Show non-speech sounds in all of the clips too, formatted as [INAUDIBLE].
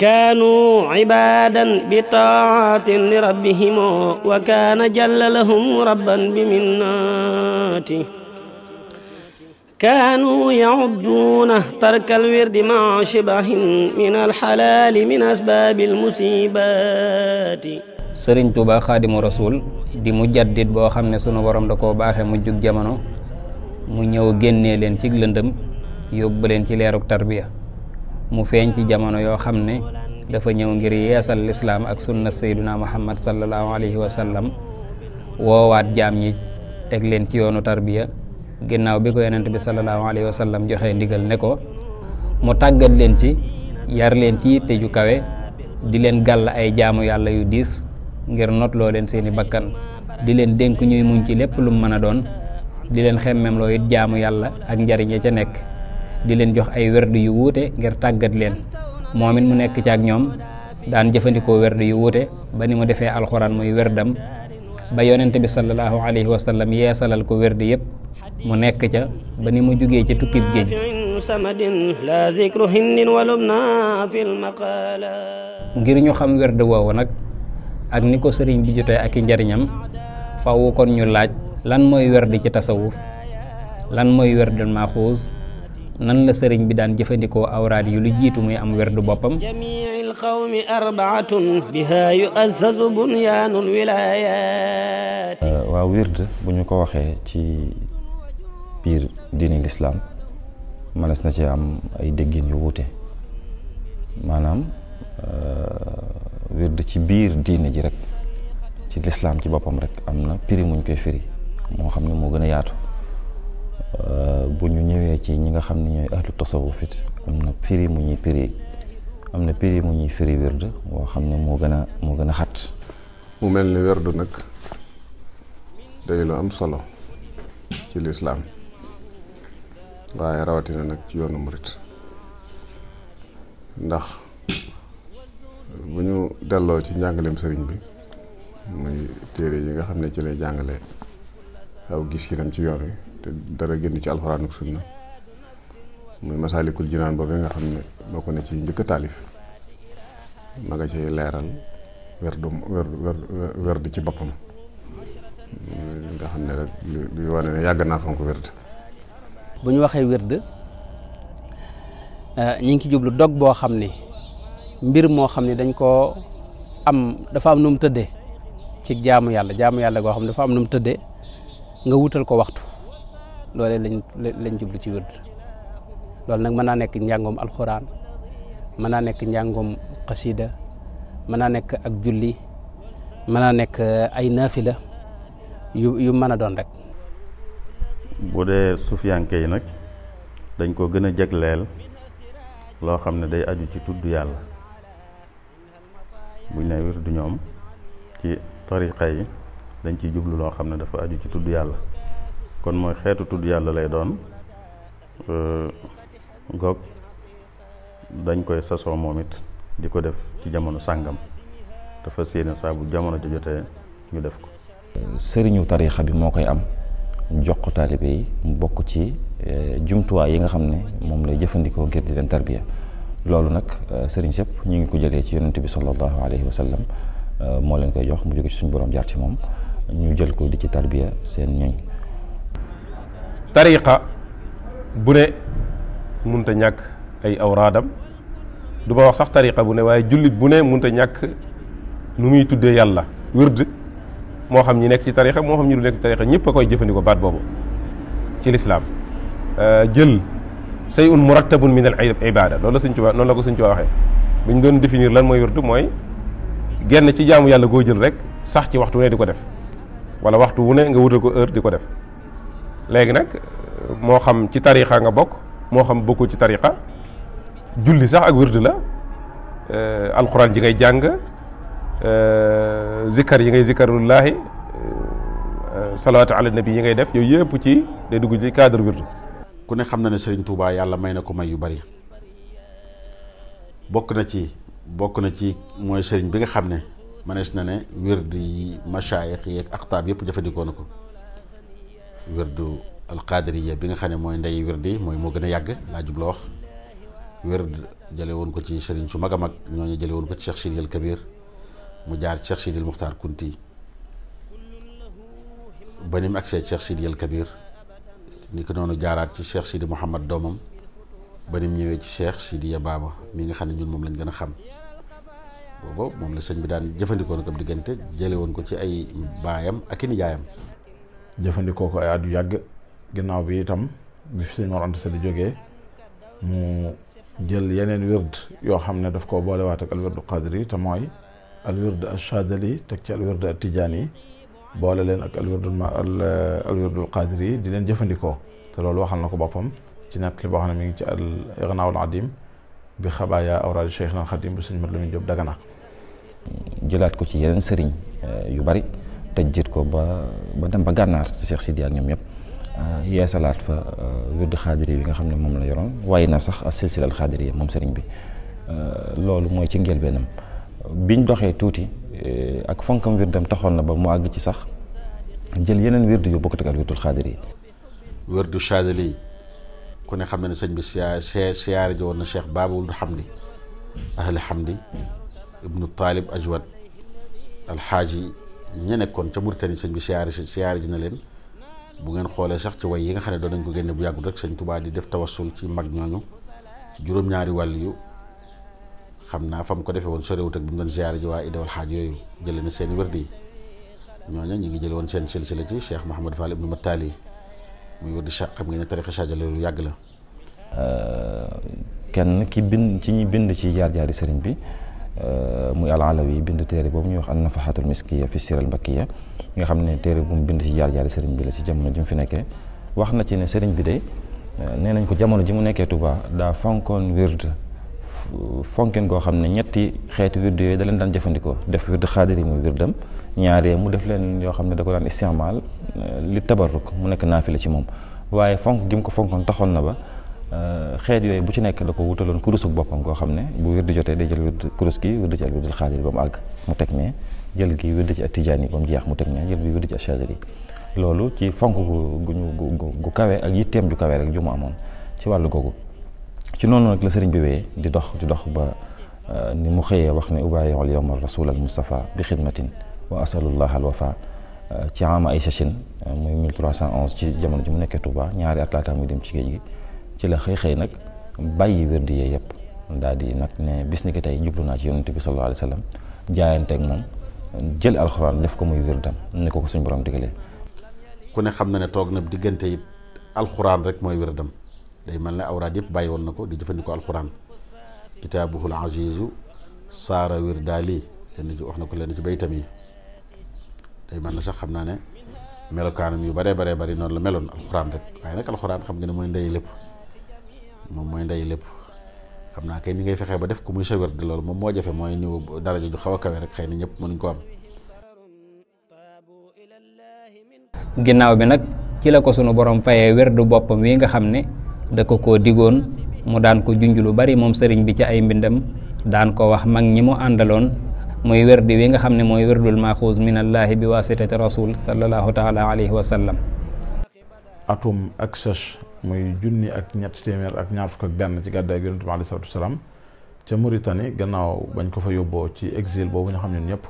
kaanu ibaadan bi taatin li rabbihimoo wa kaana jalla lahum rabban bi minnaati kaanu yacudduuna tarkal wirdi maa shibahin min alxalaali min asbaabi almusibaati sëriñ tuuba xaadimu rasuul di mu jaddit boo xam ne sunu borom da ko baaxe mu jug jamono mu ñëw génnee leen ci lëndëm yóbbu ci leeruk tarbiya mu feeñ ci jamono yoo xam ne dafa ñëw ngir yeesal lislaam ak sunna sayduna muhammad sallallahu alayhi wa sallam woowaat jaam ñi teg leen ci yoonu tarbiya ginnaaw bi ko yonent bi sallallahu alayhi wa sallam joxe ndigal ne ko mu tàggat leen ci yar leen ci yitte ju kawe di leen gàll ay jaamu yàlla yu diis ngir notloo leen seeni bakkan di leen dénk ñuy muñ ci lépp lu mu mën a doon di leen xemmem loo it jaamu yàlla ak njariñ ya ca nekk di leen jox ay werd yu wuute ngir tàggat leen moom it mu nekk ci ak ñoom daan jëfandikoo werd yu wuute ba ni mu defee alxuraan muy werdam ba yonent bi sallallahu alayhi wa sallam yeesalal ko werd yëpp mu nekk ca ba ni mu jugee ca tukkib géej ngir ñu xam werd woowu nag ak ni ko sëriñ bi jotee ak i njariñam faaw kon ñu laaj lan mooy werd ci tasawuf lan mooy werdul maaxuus nan la sëriñ bi daan jëfandikoo awraad yu lu jiitu muy am werdu boppam jamiil qawmi arbaatun biha yu'azzazu bunyaanul wilayaat euh, waaw wird bu ñu ko waxee ci biir diini lislaam mënees na ci am ay déggin yu wuute maanaam euh, wird ci biir diine ji rek ci lislaam ci boppam rek am na piri muñ koy firi moo xam ne moo gën a yaatu Euh, bu ñu ñëwee ci ñi nga xam ne ñooy ahlu tasawuf it am na firi mu ñuy firi am na firi mu ñuy firi wérd woo xam ne moo gën a moo gën a xat mu mel ni werdu nag day lu am solo ci lislaam waaye rawatina nag ci yoonu murit ndax bu ñu delloo ci njàngaleem sëriñ bi muy téere yi nga xam ne ci lay jàngale aw gis yi dem ci yoon wi te dara génn ci alxuraan sunna muy masaalikul jinaan boobu nga xam ne bokk na ci njëkk taalif ma nga cay leeral werdu werdu ci boppam nga xam ne rek luy yàgg naa fonk werd ñu waxee werd eh, ñu ngi ci jublu dog boo xam ne mbir moo xam ne dañ koo am dafa am nu mu tëdde ci jaamu yàlla jaamu yàlla goo xam ne dafa am nu mu tëdde nga wutal ko waxtu loole lañ lañ jublu ci wird loolu nag mën naa nekk njàngoom alxuraan mën naa nekk njàngoom xasida mën naa nekk ak julli mën naa nekk ay naafila yu yu mën a doon rek. bu dee sufiyanke yi nag dañ ko gën a jagleel loo xam ne day aju ci tudd yàlla buñ ne wird du ñoom ci tariqa yi dañ ciy jublu loo xam ne dafa aju ci tudd yàlla. kon mooy xeetu tudd yàlla lay doon euh, goog dañ koy sasoo moom it di ko def ci jamono sàngam dafa fas yéene saa jamono ji jotee ñu def ko. sëriñu tariixa bi moo koy am jox ko taalibe mu bokk ci euh, jumtuwaay yi nga xam ne moom lay jëfandikoo ngir di leen tarbiya loolu nag euh, sëriñ sëpp ñu ngi ko jëlee ci yonent bi sallallahu alayhi wa moo leen koy jox mu jóge ci suñu borom jaar ci moom ñu jël ko di ci tarbiya seen ñoñ. tariqa bu ne munta ñàkk ay awraadam du ma wax sax tariqa bu ne waaye jullit bu ne munta ñàkk nu muy tuddee yàlla wird moo xam ñi nekk ci tariqa moo xam ñi du nekk ci tariqa ñëpp a koy jëfandikoo baat boobu ci lislaam euh, jël say un murattabun min al ibada loolu la Sëñ Tuubaa noonu la ko Sëñ ci waxee bu ñu doon définir lan mooy wird mooy genn ci jaamu yàlla goo jël rek sax ci waxtu wu ne di ko def wala waxtu wu ne nga wutal ko heure di ko def léegi nag moo xam ci tarixa nga bokk moo xam bokkoo ci tarixa julli sax ak wird la euh, alxuraan ji ngay jàng euh, zikkar yi ngay zikkarullaahi euh, salawaatu ala nabi yi ngay def yooyu yëpp ci day dugg ci cadre wird ku ne xam na ne Serigne Touba yàlla may na ko may yu bari bokk na ci bokk na ci mooy Serigne bi nga xam ne manees na ne wird yi machaayix yeeg aqtaab yëpp jëfandikoo na ko wirdu alqaadiriya bi nga xam ne mooy ndey wirdi mooy moo gën a yàgg laa jubla wax wird jële woon ko ci sëriñ su mag a mag ñooñu jële woon ko ci Cheikh Sidil Kabir mu jaar ci Cheikh Sidil Muxtaar ba ni mu agsee Cheikh Sidil Kabir ni ko noonu jaaraat ci Cheikh Sidi Mouhamad doomam ba mu ñëwee ci Cheikh Sidiya Baba mi nga xam ne ñun moom lañ gën a xam booba moom la sëñ bi daan jëfandikoo nag ab diggante jële woon ko ci ay baayam ak i nijaayam jëfandikoo ko ay at yàgg ginnaaw bi itam bi fi sëñ Mor Anta di jógee mu jël yeneen wird yoo xam ne daf koo boolewaat ak alwirdu qadri te mooy alwirdu achadali teg ci alwirdu atijaani boole leen ak alwirdu ma alwirdu qadri di leen jëfandikoo te loolu waxal na ko boppam ci nett li boo xam ne mi ngi ci al ignaawul adim bi xabaaya awraadi cheikh na xadim bu sëñ Mat Lamin Jóob na jëlaat ko ci yeneen sëriñ eh, yu bari tëjjit ko ba ba dem ba gànnaar ci Cheikh Sidi ak ñoom ñëpp euh, yeesalaat fa euh, wirdu xaadiri bi nga xam ne moom la yoroon waaye na sax as silsila al moom sëriñ bi euh, loolu mooy ci njëlbeenam biñ doxee tuuti ak fonkam wirdam taxoon na ba mu àgg ci sax jël yeneen wirdu yu bokkut ak wirdul xaadiri yi wirdu xaadiri yi ku ne xam ne ne sëñ bi siyaar siyaare ji woon na Cheikh Babul Hamdi ahli Hamdi ibnu Talib Ajwad alxaaji ña nekkoon ca Mauritanie sëñ bi siyaare siyaare ji na leen bu ngeen xoolee sax ci way yi nga xam ne doon nañ ko génne bu yàggut rek sëñ Tuubaa di def tawassul ci mag ñooñu ci juróom-ñaari wàll yu xam naa fa mu ko defee woon sorewut ak bi mu doon siyaare ji waa idewal xaaj yooyu jëlee na seen wërdi yi ñooñu ñu ngi jële woon seen silsila ci Cheikh Mouhamad Fall ibnu Matali muy wërdi Cheikh xam ngeen ne tarixa Sadio loolu yàgg la. kenn ki bind ci ñi bind ci jaar jaari sëriñ bi. Euh, muy al alawi bind téere boobu ñuy wax an nafahatul miskiya fi siral mbakkiya nga xam ne téere bu mu bind ci jaar jaari sëriñ bi la ci jamono ji mu fi nekkee wax na ci ne sëriñ bi de euh, nee nañ ko jamono ji mu nekkee daa fonkoon wird fonkin koo xam ne ñetti xeeti wird yooyu da leen daan jëfandikoo def wird xaadir yi muy wirdam ñaaree mu def leen yoo xam ne da ko daan istimaal euh, li tabarruk mu nekk la ci moom waaye fonk gi mu ko fonkoon taxoon na ba Euh, xeet yooyu bu ci nekk da ko wutaloon kurusu boppam goo xam ne bu wirdu jotee day jël wirdu kurus gi wirdu ci al wirdul xaadir ba mu àgg mu teg ne jël gi wirdu ci at ba mu jeex mu teg ne jël bi wirdu loolu ci fonk gu gu gu kawe ak yitteem ju kawe rek ju mu amoon ci wàllu googu ci noonu la sëriñ bi wéyee di dox di dox ba euh, ni mu xëyee wax ne ubaayi'ul yawma rasul al mustafa bi xidmatin wa asalullah al wafa euh, ci ama ay chachine muy 1311 ci jamono ji mu nekkee Touba ñaari at laata muy dem ci géej gi ci la xëy-xëy nag bàyyi wérdi yee yëpp daal di nag ne bis tey jublu naa ci yonent bi sallallahu alayhi wa sallam jaayanteeg moom jël alxuraan def ko muy wérdam ni ko ko suñu borom digalee ku ne xam na ne toog nag diggante it alxuraan rek mooy wérdam day mel ne awraad yëpp bàyyi woon na ko di jëfandikoo alxuraan kitaabuhul azizu saara wirdaali lenn ci wax na ko lenn ci ba baytam yi day man na sax xam naa ne melokaanam yu baree baree bari noonu la meloon alxuraan rek waaye nag alxuraan xam nga ne mooy ndey lépp moom mooy ndey lépp xam naa kay ni ngay fexe ba def ko muy sa wér di loolu moom moo jafe mooy ñëw daraja ju xaw a kawe rek xëy na ñëpp mënuñ ko am. ginnaaw bi nag ci la ko sunu borom fayee wér du boppam wi nga xam ne da ko koo digoon mu daan ko junj lu bari moom sëriñ bi ci ay mbindam daan ko wax mag ñi mu àndaloon muy wér di wi nga xam ne mooy wérdul maxuus minallaahi bi waasitati rasul sallallahu taala alayhi wa sallam atum ak sëch muy junni ak ñetti téeméer ak ñaar fukk ak benn ci gàddaay yonent bi aleyhi salaam ca Mauritanie gannaaw bañ ko fa yóbboo ci exil boobu ñu xam ñun ñëpp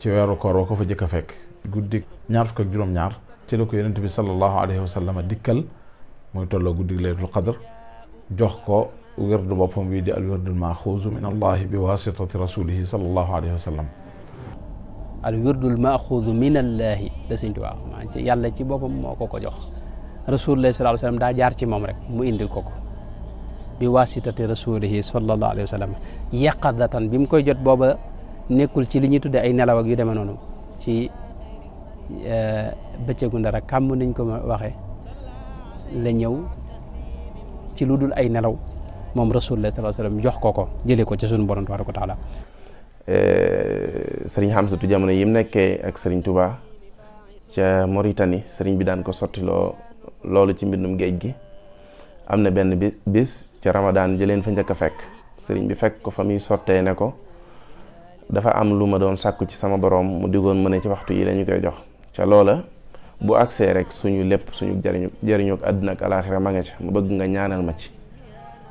ci weeru koor woo ko fa jëkk a fekk guddi ñaar fukk ak juróom-ñaar ci la ko yonent bi sallallahu alayhi wa sallam dikkal muy tolloo guddig laylatul qadr jox ko wérdu boppam bii di al wérdul maaxuuzu min allahi bi wasitati rasulihi sallallahu alayhi wa al wérdul maaxuuzu min allahi da Sëñ Tuubaa yàlla ci boppam moo ko ko jox rasulullah sallallahu alayhi wa daa jaar ci moom rek mu indil ko ko bi wasitati rasulihi sallallahu alayhi wa sallam yaqadatan bi mu koy jot booba nekkul ci li ñuy tudde ay nelaw ak yu deme noonu ci e, bëccëgu ndara kàmm niñ ko waxee la ñëw ci lu dul ay nelaw moom rasulullah sallallahu alayhi wa sallam jox ko ko jëlee ko ci sunu borom tabaraka wa taala e, sëriñ Hamsatu jamono yim nekkee ak sëriñ Touba ca Mauritanie sëriñ bi daan ko sottiloo loolu ci mbindum géej gi am na benn bis bis ci ramadaan ji leen fa njëkk a fekk sëriñ bi fekk ko fa muy sottee ne ko dafa am lu ma doon sàkku ci sama borom mu digoon mu ne ci waxtu yi lañu koy jox ca loola bu agsee rek suñu lépp suñu jariñu jariñu ak àdduna ak alaaxira ma nga ca mu bëgg nga ñaanal ma ci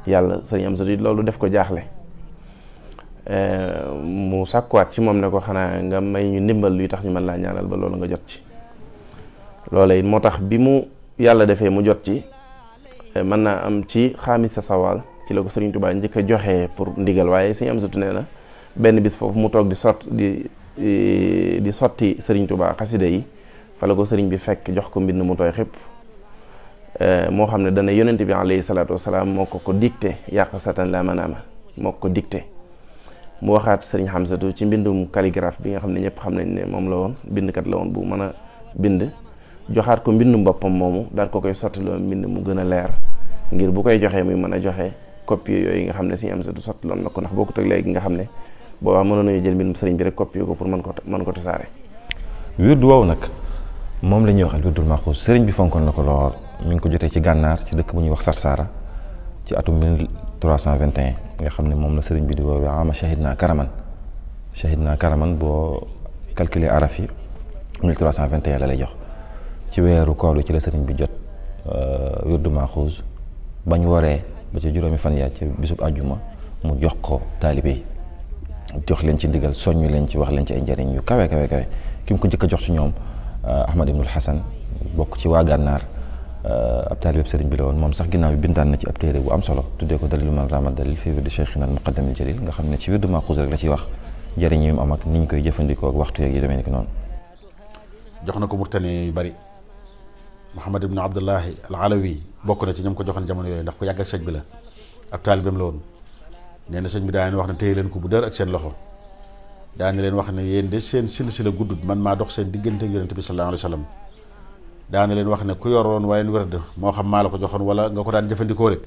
yàlla sëriñ am sa loolu def ko jaaxle mu sàkkuwaat ci moom ne ko xanaa nga may ñu ndimbal luy tax ñu man laa ñaanal ba loolu nga jot ci loola it yàlla defee mu jot ci eh, mën naa am ci sa sawaal ci la ko Sëriñ Tuubaa njëkk a joxe pour ndigal waaye Sëriñ Amsatu nee na benn bis foofu mu toog di sott di di sotti Sëriñ tubaa xasida yi fa la ko sëriñ bi fekk jox ko mbind mu tooy xëpp eh, moo xam ne dana yonent bi alayhi salaatu wasalaam moo ko ko dicté yàq satan la manaama moo ko ko dicté mu waxaat sëriñ Xamsatu ci mbindum calligraphe bi nga xam ne ñëpp xam nañ ne moom la woon bindkat la woon bu mën a bind joxaat ko mbindum boppam moomu daal ko koy sottiloo mbind mu gën a leer ngir bu koy joxee muy mën a joxe koppi yooyu nga xam ne si am sa du sottiloon na ko ndax bokkut ak léegi nga xam ne boobaa mënoon nañu jël mbindum sëriñ bi rek copie ko pour ko mën ko tasaare wirdu woowu nag moom la ñuy waxal wirdul maxuus sëriñ bi fonkoon na ko lool mi ngi ko jotee ci gànnaar dëkk bu ñuy wax sarsaara ci atum 1321 nga xam ne moom la sëriñ bi di woowee am shahid naa karaman shahid naa karaman boo calculer araf yi 1321 la lay jox ci weeru koor ci la sëriñ bi jot euh, wirdu Maxuus bañ waree ba ci juróomi fan yaa ci bisub àjjuma mu jox ko taalibe yi jox leen ci ndigal soññu leen ci wax leen ci ay njëriñ yu kawe kawe ki mu ko njëkk a jox ci ñoom euh, Ahmad Ibnul Xasan bokk ci waa gànnaar euh, ab taalib bi woon moom sax ginnaaw bintaan na ci ab téere solo tuddee ko dalilu man rama dalil fii wirdi cheikhina al nga xam ne ci wirdu Maxuus rek la ciy wax njëriñ yi mu am ni ñu koy jëfandikoo ak waxtu yeeg yi demee ni ko noonu jox na ko murtani yu bari Muhammad ibnu Abdullahi al Alawi bokk na ci ñoom ko joxoon jamono yooyu ndax ku yàgg ak sëñ bi la ab taalibeem la woon nee na sëñ bi daan wax ne téye leen ko bu dër ak seen loxo daan leen wax ne yéen de seen silsila guddut man maa dox seen diggante ak yonent bi sallallahu alayhi wa sallam daan leen wax ne ku yoroon waleen wérd moo xam maa la ko joxoon wala nga ko daan jëfandikoo rek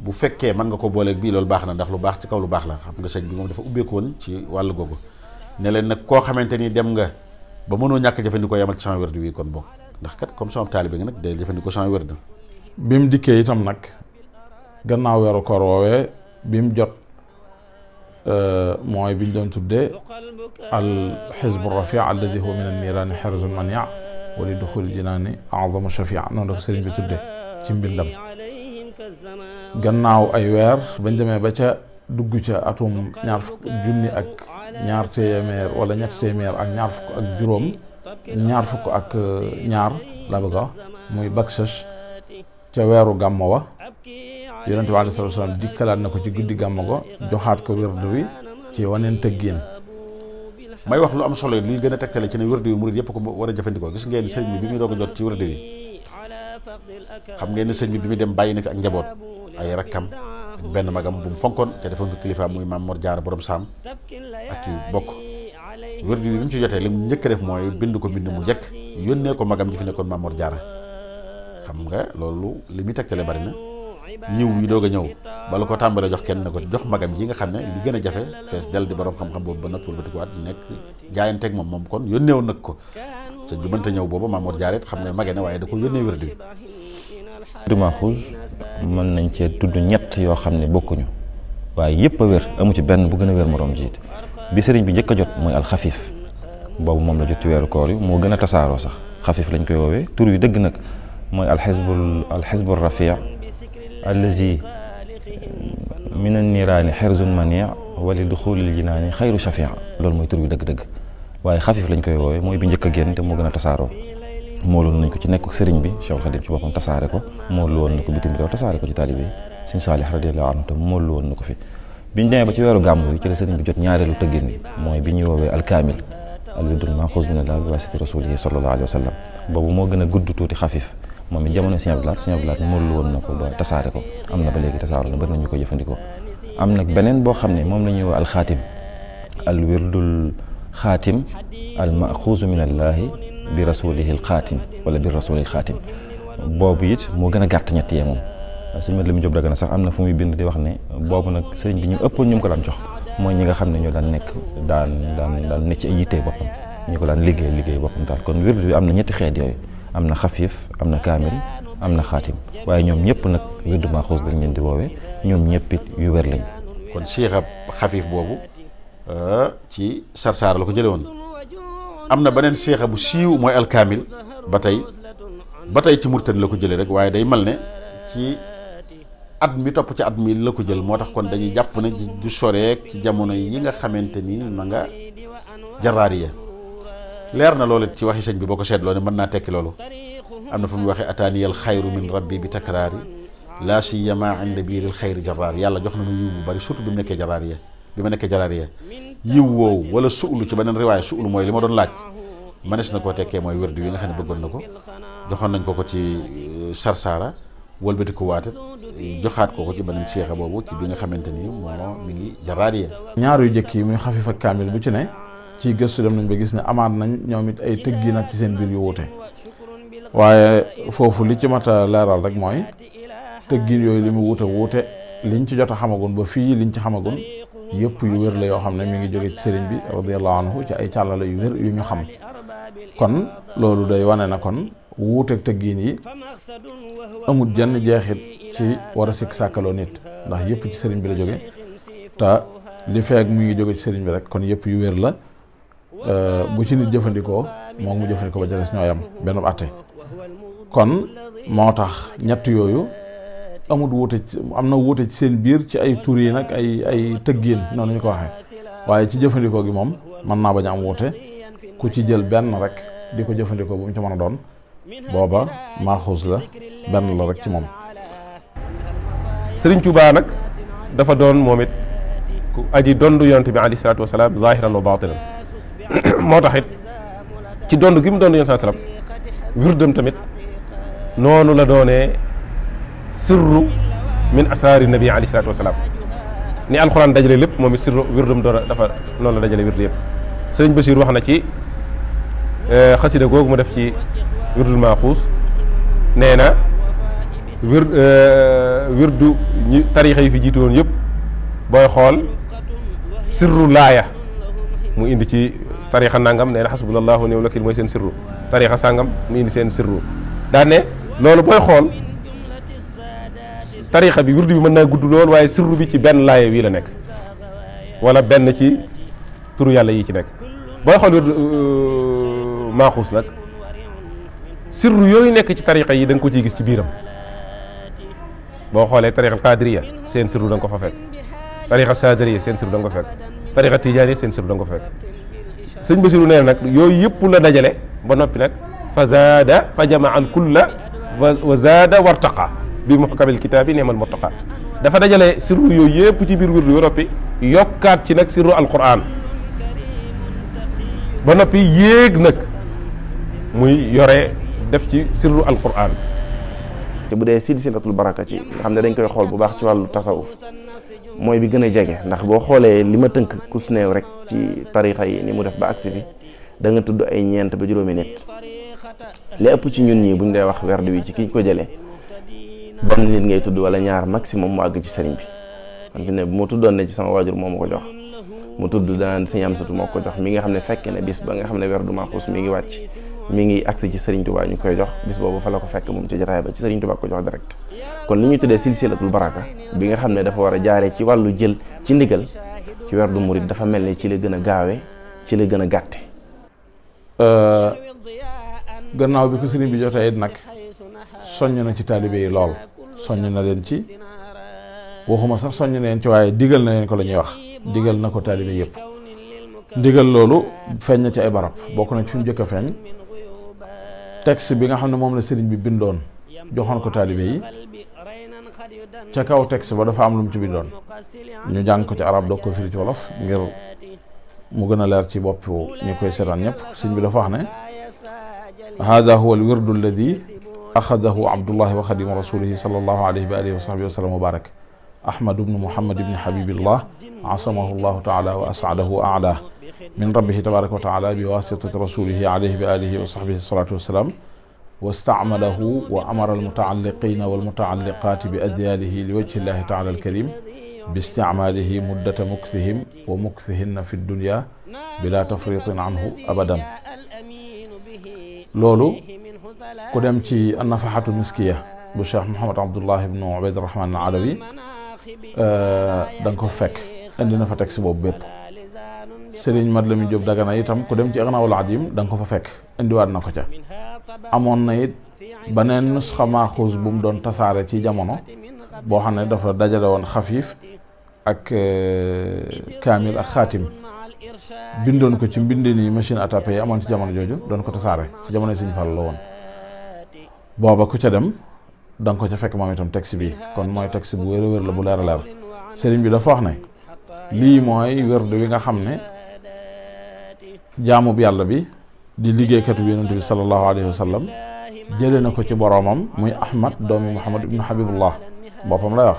bu fekkee mën nga ko booleeg bii loolu baax na ndax lu baax ci kaw lu baax la xam nga sëñ bi moom dafa ubbeeku woon ci wàll googu ne leen nag koo xamante ni dem nga ba mënoo ñàkk jëfandikoo yamal ci sama wérd wi kon bokk ndax kat comme sama taalibe nga nag day jëfandikoo sama wérd bi mu dikkee itam nag gannaaw weeru koor woowee bi mu jot euh, mooy bi ñu doon tuddee al xisbu rafi alladi min alniiraani xerzul mania wa li duxul jinaani azamu shafia noonu dafa sëriñ bi tuddee ci mbindam ay weer bañ demee ba ca dugg ca atum ñaar fukk junni ak ñaar wala ñetti téeméer ak ak juróom ñaar fukk ak euh, ñaar laa bëgg a wax muy baksas ca weeru gàmmo wa yonent bi aleyhi salaatu wa dikkalaat na ko ci guddi gàmmo ko joxaat ko wérdu wi ci waneen tëggiin may wax lu am solo yi luy gën a tegtale ci ne wérdu wi murid yëpp ko war a jëfandikoo gis ngeen sëñ bi bi muy doog ko jot ci wérdu wi xam ngeen sëñ bi bi muy dem bàyyi na fi ak njaboot ay rakkam benn magam bu mu fonkoon te defoon ko kilifa muy Maam Mor Jaara borom saam ak i bokk wérdu bi mu ci jotee li mu njëkk def mooy bind ko bind mu njëkk yónnee ko magam ji fi nekkoon Mamoor Jaara xam nga loolu li muy tegtale bari na yiw yi doog a ñëw bala ko tàmbalee jox kenn ne ko jox magam ji nga xam ne li gën a jafe fees del di borom xam-xam boobu ba noppi wëlbatikuwaat nekk jaayanteeg moom moom kon yónnee woon nag ko te du mënta ñëw boobu Mamoor Jaara it xam ne mage na waaye da ko yónnee wérdu bi. du Maxuus mën nañ cee tudd ñett yoo xam ne bokkuñu waaye yëpp a wér amu ci benn bu gën a wér moroom jiit bi sëriñ bi njëkk jot mooy alxafif boobu moom la jot ci weeru koor yi moo gën a tasaaroo sax xafif lañ koy woowee tur wi dëgg nag mooy alxisbul alxisbul rafia allazi min an niraani xerzun mania wali duxulil jinaani xayru shafia loolu mooy tur wi dëgg-dëgg waaye xafif lañ koy woowee mooy bi njëkk a génn te moo gën a tasaaroo mooloon nañ ko ci nekk sëriñ bi Cheikh Khadim ci boppam tasaare ko moolu woon na ko bitim réew tasaare ko ci taalibe yi Sëriñ Saalix radiyallahu anhu te moolu woon na ko fi bi ñu demee ba ci weeru gàmm bi ci la sëriñ bi jot ñaareelu tëggin bi mooy bi ñuy woowee alkaamil alwidul maxuus min allah bi wasiti rasulihi sallallahu alayhi wa sallam boobu moo gën a gudd tuuti xafif moom it jamono Sëñ Abdu Lahat Sëñ Abdu Lahat na ko ba tasaare ko am na ba léegi tasaaro na bëri nañu ko jëfandikoo am nag beneen boo xam ne moom la ñuy woo alxaatim alwirdul xaatim almaxuusu min allahi bi rasulihi alxaatim wala bi rasulihi alxaatim boobu it moo gën a gàtt ñett yee moom sëñ Mat Lamin Jóob Dagana sax am na fu muy bind di wax ne boobu nag sëriñ bi ñu ëppoon ñu ko daan jox mooy ñi nga xam ne ñoo daan nekk daan daan daan ne ci ay boppam ñu ko daan liggéey liggéey boppam daal kon wird bi am na ñetti xeet yooyu am na xafiif am na kaamil am na xaatim waaye ñoom ñëpp nag wirdu Maaxuus dañ leen di woowee ñoom ñëpp yu wér lañ kon Cheikh ab xafiif boobu euh, ci sarsaar la ko jële woon am na beneen seexa bu siiw mooy alkaamil ba tey ba tey ci murtani la ko jële rek waaye day mal ne ci at mi topp ci at mi la ko jël moo tax kon dañuy jàpp ne du soreek ci jamono yi nga xamante ni ma nga jaraariya leer na loolu ci waxi sëñ bi boo ko seetloo ne mën naa tekki loolu am na fu mu waxee ataaniyal xayru min rabbi bi takraari laa si siyama inda biiril xayri jaraar yàlla jox na ma yiw bu bari surtout bi mu nekkee jaraariya bi ma nekkee jaraariya yiw woowu wala suulu ci beneen riwaay suulu mooy li ma doon laaj mënees na koo tekkee mooy wérdu wi nga xam ne bëggoon na ko joxoon nañ ko ko ci euh, sarsara wëlbati ko eh, joxaat ko ko ci beneen seexe boobu ci bi nga xamante ni moo mi ngi jaraadiyee. ñaar yu jëkk yi muy xafif ak kaamil bu ci ne ci gëstu dem nañ ba gis ne amaat nañ ñoom it ay tëggi nag ci seen biir yu wuute waaye foofu li ci mat a leeral rek mooy tëggin yooyu li mu wuute wuute liñ ci jot a xamagun ba fii liñ ci xamagun yëpp yu wér la yoo xam ne mu ngi jóge ci sëriñ bi radiyallahu anhu ci ay càllale yu wér yu ñu xam kon loolu day wane na kon. wuuteeg tëggiin yi amul jenn jeexit ci war a sikk sàkkaloo nit ndax yëpp ci sëriñ bi la joge te li feeg mu ngi jóge ci sëriñ bi rek kon yëpp yu wér la eh, bu ci nit jëfandikoo moom mu jëfandikoo ba jëlee si ñooy am benn atte kon moo tax ñett yooyu amul wuute ci am na wuute ci seen biir ci ay tur nag ay ay tëggiin noonu ñu ko waxee waaye ci jëfandikoo gi moom mën naa bañ a am wuute ku ci jël benn rek di ko jëfandikoo bu mu ci mën a doon booba maaxuus la benn la rek ci moom sëriñ Tuubaa nag dafa doon moom it ku aji dondu yonent bi alayhi salaatu wasalaam zahiran wa baatinan [CLEARS THROAT] moo tax it ci dondu gi mu dondu yonent salaam wirdam tamit noonu la doonee sirru min asaari nabi alayhi salaatu wasalaam ni alxuraan dajale lépp moom it sirru wirdam doon dafa noonu la dajale wirdu yëpp sëriñ Basiir wax na ci euh, xasida googu mu def ci wirdul maaxuus nee na wir euh, wirdu ñi tarixa yi fi jiitu woon yëpp booy xool sirru laaya mu indi ci tarixa nangam nee na xasbunallahu ni'mal wakiil mooy seen sirru tarixa sàngam mu indi seen sirru daa ne loolu booy xool tarixa bi wirdu bi mën naa gudd lool waaye sirru bi ci benn laaya wii la nekk wala benn ci turu yàlla yi ci nekk booy xool wirdu euh, maaxuus nag sirru yooyu nekk ci tariqa yi da ko ciy gis ci biiram boo xoolee tariqa qadiriya seen sirru da nga ko fa fekk tariqa saazariya seen sirru da nga ko fekk tariqa tijaaniya seen sirru da ko fekk sëñ Basiru nag yooyu yëpp la dajale ba noppi nag fa zaada fa jamaa al kulla wa zaada wartaqa bi muhkamil kitaabi neemal murtaqa dafa dajale sirru yooyu yëpp ci biir wirdu yu noppi yokkaat ci nag sirru alkuraan ba noppi yéeg nag muy yore def ci sirru alquran te bu dee silsilatul baraka ci nga xam ne dañ koy xool bu baax ci wàllu tasawuf mooy bi gën a jege ndax boo xoolee li ma tënk kus neew rek ci tarixa yi ni mu def ba agsi bi da nga tudd ay ñeent ba juróomi nit li ëpp ci ñun ñii buñ dee wax werd wi ci kiñ ko jëlee benn nit ngay tudd wala ñaar maximum mu àgg ci sëriñ bi xam fi ne bu ma tuddoon ne ci sama waajur moo ma ko jox mu tudd daan sëñ Amsatu moo ko jox mi nga xam ne fekk na bis ba nga xam ne werdu Maxuus mi ngi wàcc mi ngi agsi ci Serigne Touba ñu koy jox bis boobu fa la ko fekk moom ci jotaay ba ci Serigne Touba ko jox direct kon li ñuy tuddee silsilatul baraka bi nga xam ne dafa war a jaaree ci wàllu jël ci ndigal ci werdu murit dafa mel ne ci la gën a gaawe ci la gën a gàtte euh, gannaaw bi ko sëriñ bi jotee it nag soññ na ci taalibe yi lool soññ na leen ci waxuma sax soññ na leen ci waaye digal na leen ko la ñuy wax digal na ko taalibe yëpp digal loolu feeñ na ci ay barab bokk na ci mu jëkk a feeñ texte bi nga xam ne moom la sëriñ bi bindoon joxoon ko taalibe yi ca kaw texte ba dafa am lu mu ci bindoon ñu jàng ko ci arab doog ko firi ci wolof ngir mu gën a leer ci bopp ñi koy seetaan ñëpp sëriñ bi dafa wax ne hada huwa al wirdu alladi axadahu abdullahi wa xadimu rasulihi salallahu alayhi wa alihi wa sahbihi wa sallam wa barak ahmad ibnu muhammad ibni habibillah asamahu allahu taala wa asaadahu aalaah min rabbihi tabaraka wa taala bi wasitati rasulihi alayhi bi alihi wa sahbihi salatu wasalaam wastaamalahu wa amara almutaalliqina walmutaalliqaati bi adyalihi li wajhi llahi taala alkarim bi isticmaalihi muddata muksihim wa muksihinna fi dunya bila tafritin anhu abadan loolu ku dem ci annafaxatu miskiya bu cheikh Mouhamed Abdullah ibnu Ubayd Rahman al Alawi da nga ko fekk indi na fa teg si boobu bépp sëriñ Mad Lamin Jóob Dagana itam ku dem ci Agnaawul Adim da nga ko fa fekk indiwaat na ko ca amoon na it ba beneen nusxa maaxuus bu mu doon tasaare ci jamono boo xam ne dafa dajale woon xafiif ak euh, kaamil ak xaatim bindoon ko ci mbindin yi machine à amoon ci jamono jooju doon ko tasaare ci jamono Sëriñ Fall la woon booba ku ca dem da ko ca fekk moom itam texte bi kon mooy texte bu wér wér la bu leer a leer sëriñ bi dafa wax ne lii mooy wérdu wi nga xam ne jaamu bi yàlla bi di liggéeykatu bi yonent bi sallallahu alayhi wa sallam jële na ko ci boroomam muy ahmad doomi muhammad ibnu habibullah boppam lay wax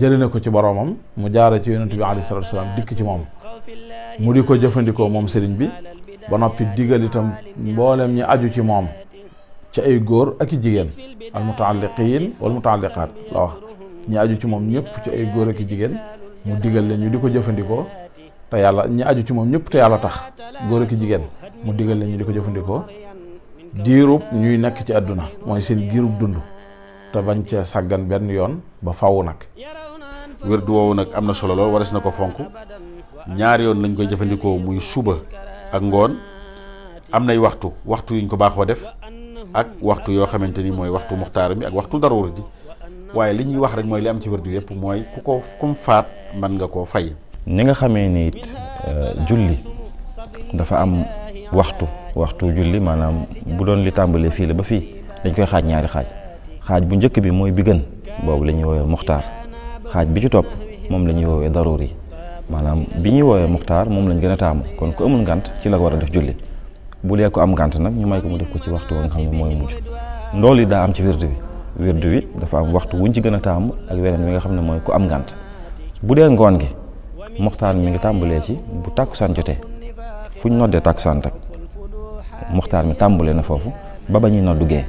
jële na ko ci boroomam mu jaare ci yonent bi alayhi salatu wasalaam dikk ci moom mu di ko jëfandikoo moom sëriñ bi ba noppi digal itam mboolem ñi aju ci moom ci ay góor ak i jigéen al mutaalliqiin wal mutaalliqaat la wax ñi aju ci moom ñëpp ci ay góor ak i jigéen mu digal leen ñu di ko jëfandikoo te yàlla ñi aju ci moom ñëpp te yàlla tax góor ak jigéen mu digal leen ñu di ko jëfandikoo diirub ñuy nekk ci àdduna mooy seen giirub dund te bañ cee sàggan benn yoon ba faw nag. wér du woowu nag am na solo lool waras na ko fonk ñaari yoon lañ koy jëfandikoo muy suba ak ngoon am nay waxtu waxtu yuñ ko baaxoo def ak waxtu yoo xamante ni mooy waxtu muxtaar bi ak waxtu daruur ji waaye li ñuy wax rek mooy li am ci wér du yëpp mooy ku ko kum faat mën nga koo fay. ni nga xamee ni it euh, julli dafa am waxtu waxtu julli maanaam bu doon li tàmbalee fii la ba fii dañ koy xaaj ñaari xaaj xaaj bu njëkk bi mooy bi gën boobu la ñuy woowee muxtaar xaaj bi ci topp moom la ñuy woowee daruri maanaam bi ñuy woowee muxtaar moom lañ gën a taamu kon ku amul ngant ci la war a def julli bu dee ko am ngant nag ñu may ko mu def ko ci waxtu wa nga xam ne mooy mujj ndool yi daa am ci wird bi wird wi dafa am waxtu wuñ ci gën a taamu ak weneen nga xam ne mooy ku am ngant bu dee ngoon gi muxtaar mi ngi tàmbalee ci bu tàkkusaan jotee fu ñu noddee tàkkusaan rek muxtaar mi tàmbalee na foofu ba ba ñuy noddu gee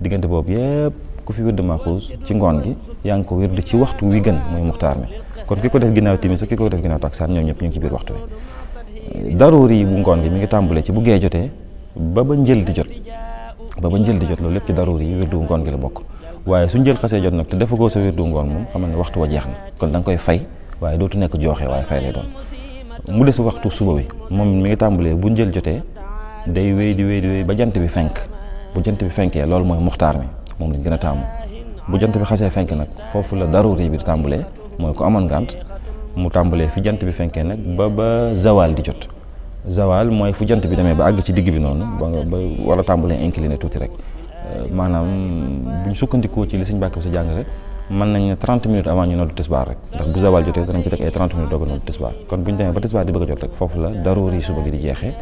diggante boobu yëpp ku fi wérd maxuus ci ngoon gi yaa ngi ko wérd ci waxtu wi gën muy muxtaar mi kon ki ko def ginnaaw timis ak ki ko def ginnaaw tàkkusaan ñoom ñëpp ñu ngi ci biir waxtu wi daruuri yi bu ngoon gi mi ngi tàmbalee ci bu gee jotee ba ba njël di jot ba ba njël di jot loolu lépp ci daruuri yi wérdu ngoon gi la bokk waaye su njël xasee jot nag te dafa ko sa wérdu ngoon moom xam ne waxtu wa jeex na kon da koy fay waaye dootu nekk jooxe waaye fay lay doon mu des waxtu suba wi moom mi ngi tàmbalee bu jël jotee day wéy di wéy di wéy ba jant bi fenk bu jant bi fenkee loolu mooy muxtaar mi moom lañ gën a taamu bu jant xasee fenk nag foofu la daruri bi di tàmbalee mooy ko amoon ngànt mu tàmbalee fi jant bi fenkee nag ba ba zawal di jot zawal mooy fu jant bi demee ba àgg ci digg bi noonu ba nga ba war a tàmbalee incliné tuuti rek euh, maanaam buñ sukkandikoo ci li sëñ bàkk bi sa jàngale mën nañ ne 30 minutes avant ñu noddu tisbaar rek ndax bu zawal jotee danañ ci teg ay 30 minutes doog a noddu tisbaar kon bu ñu ba tisbaar di bëgg a jot rek foofu la daroor suba di jeexee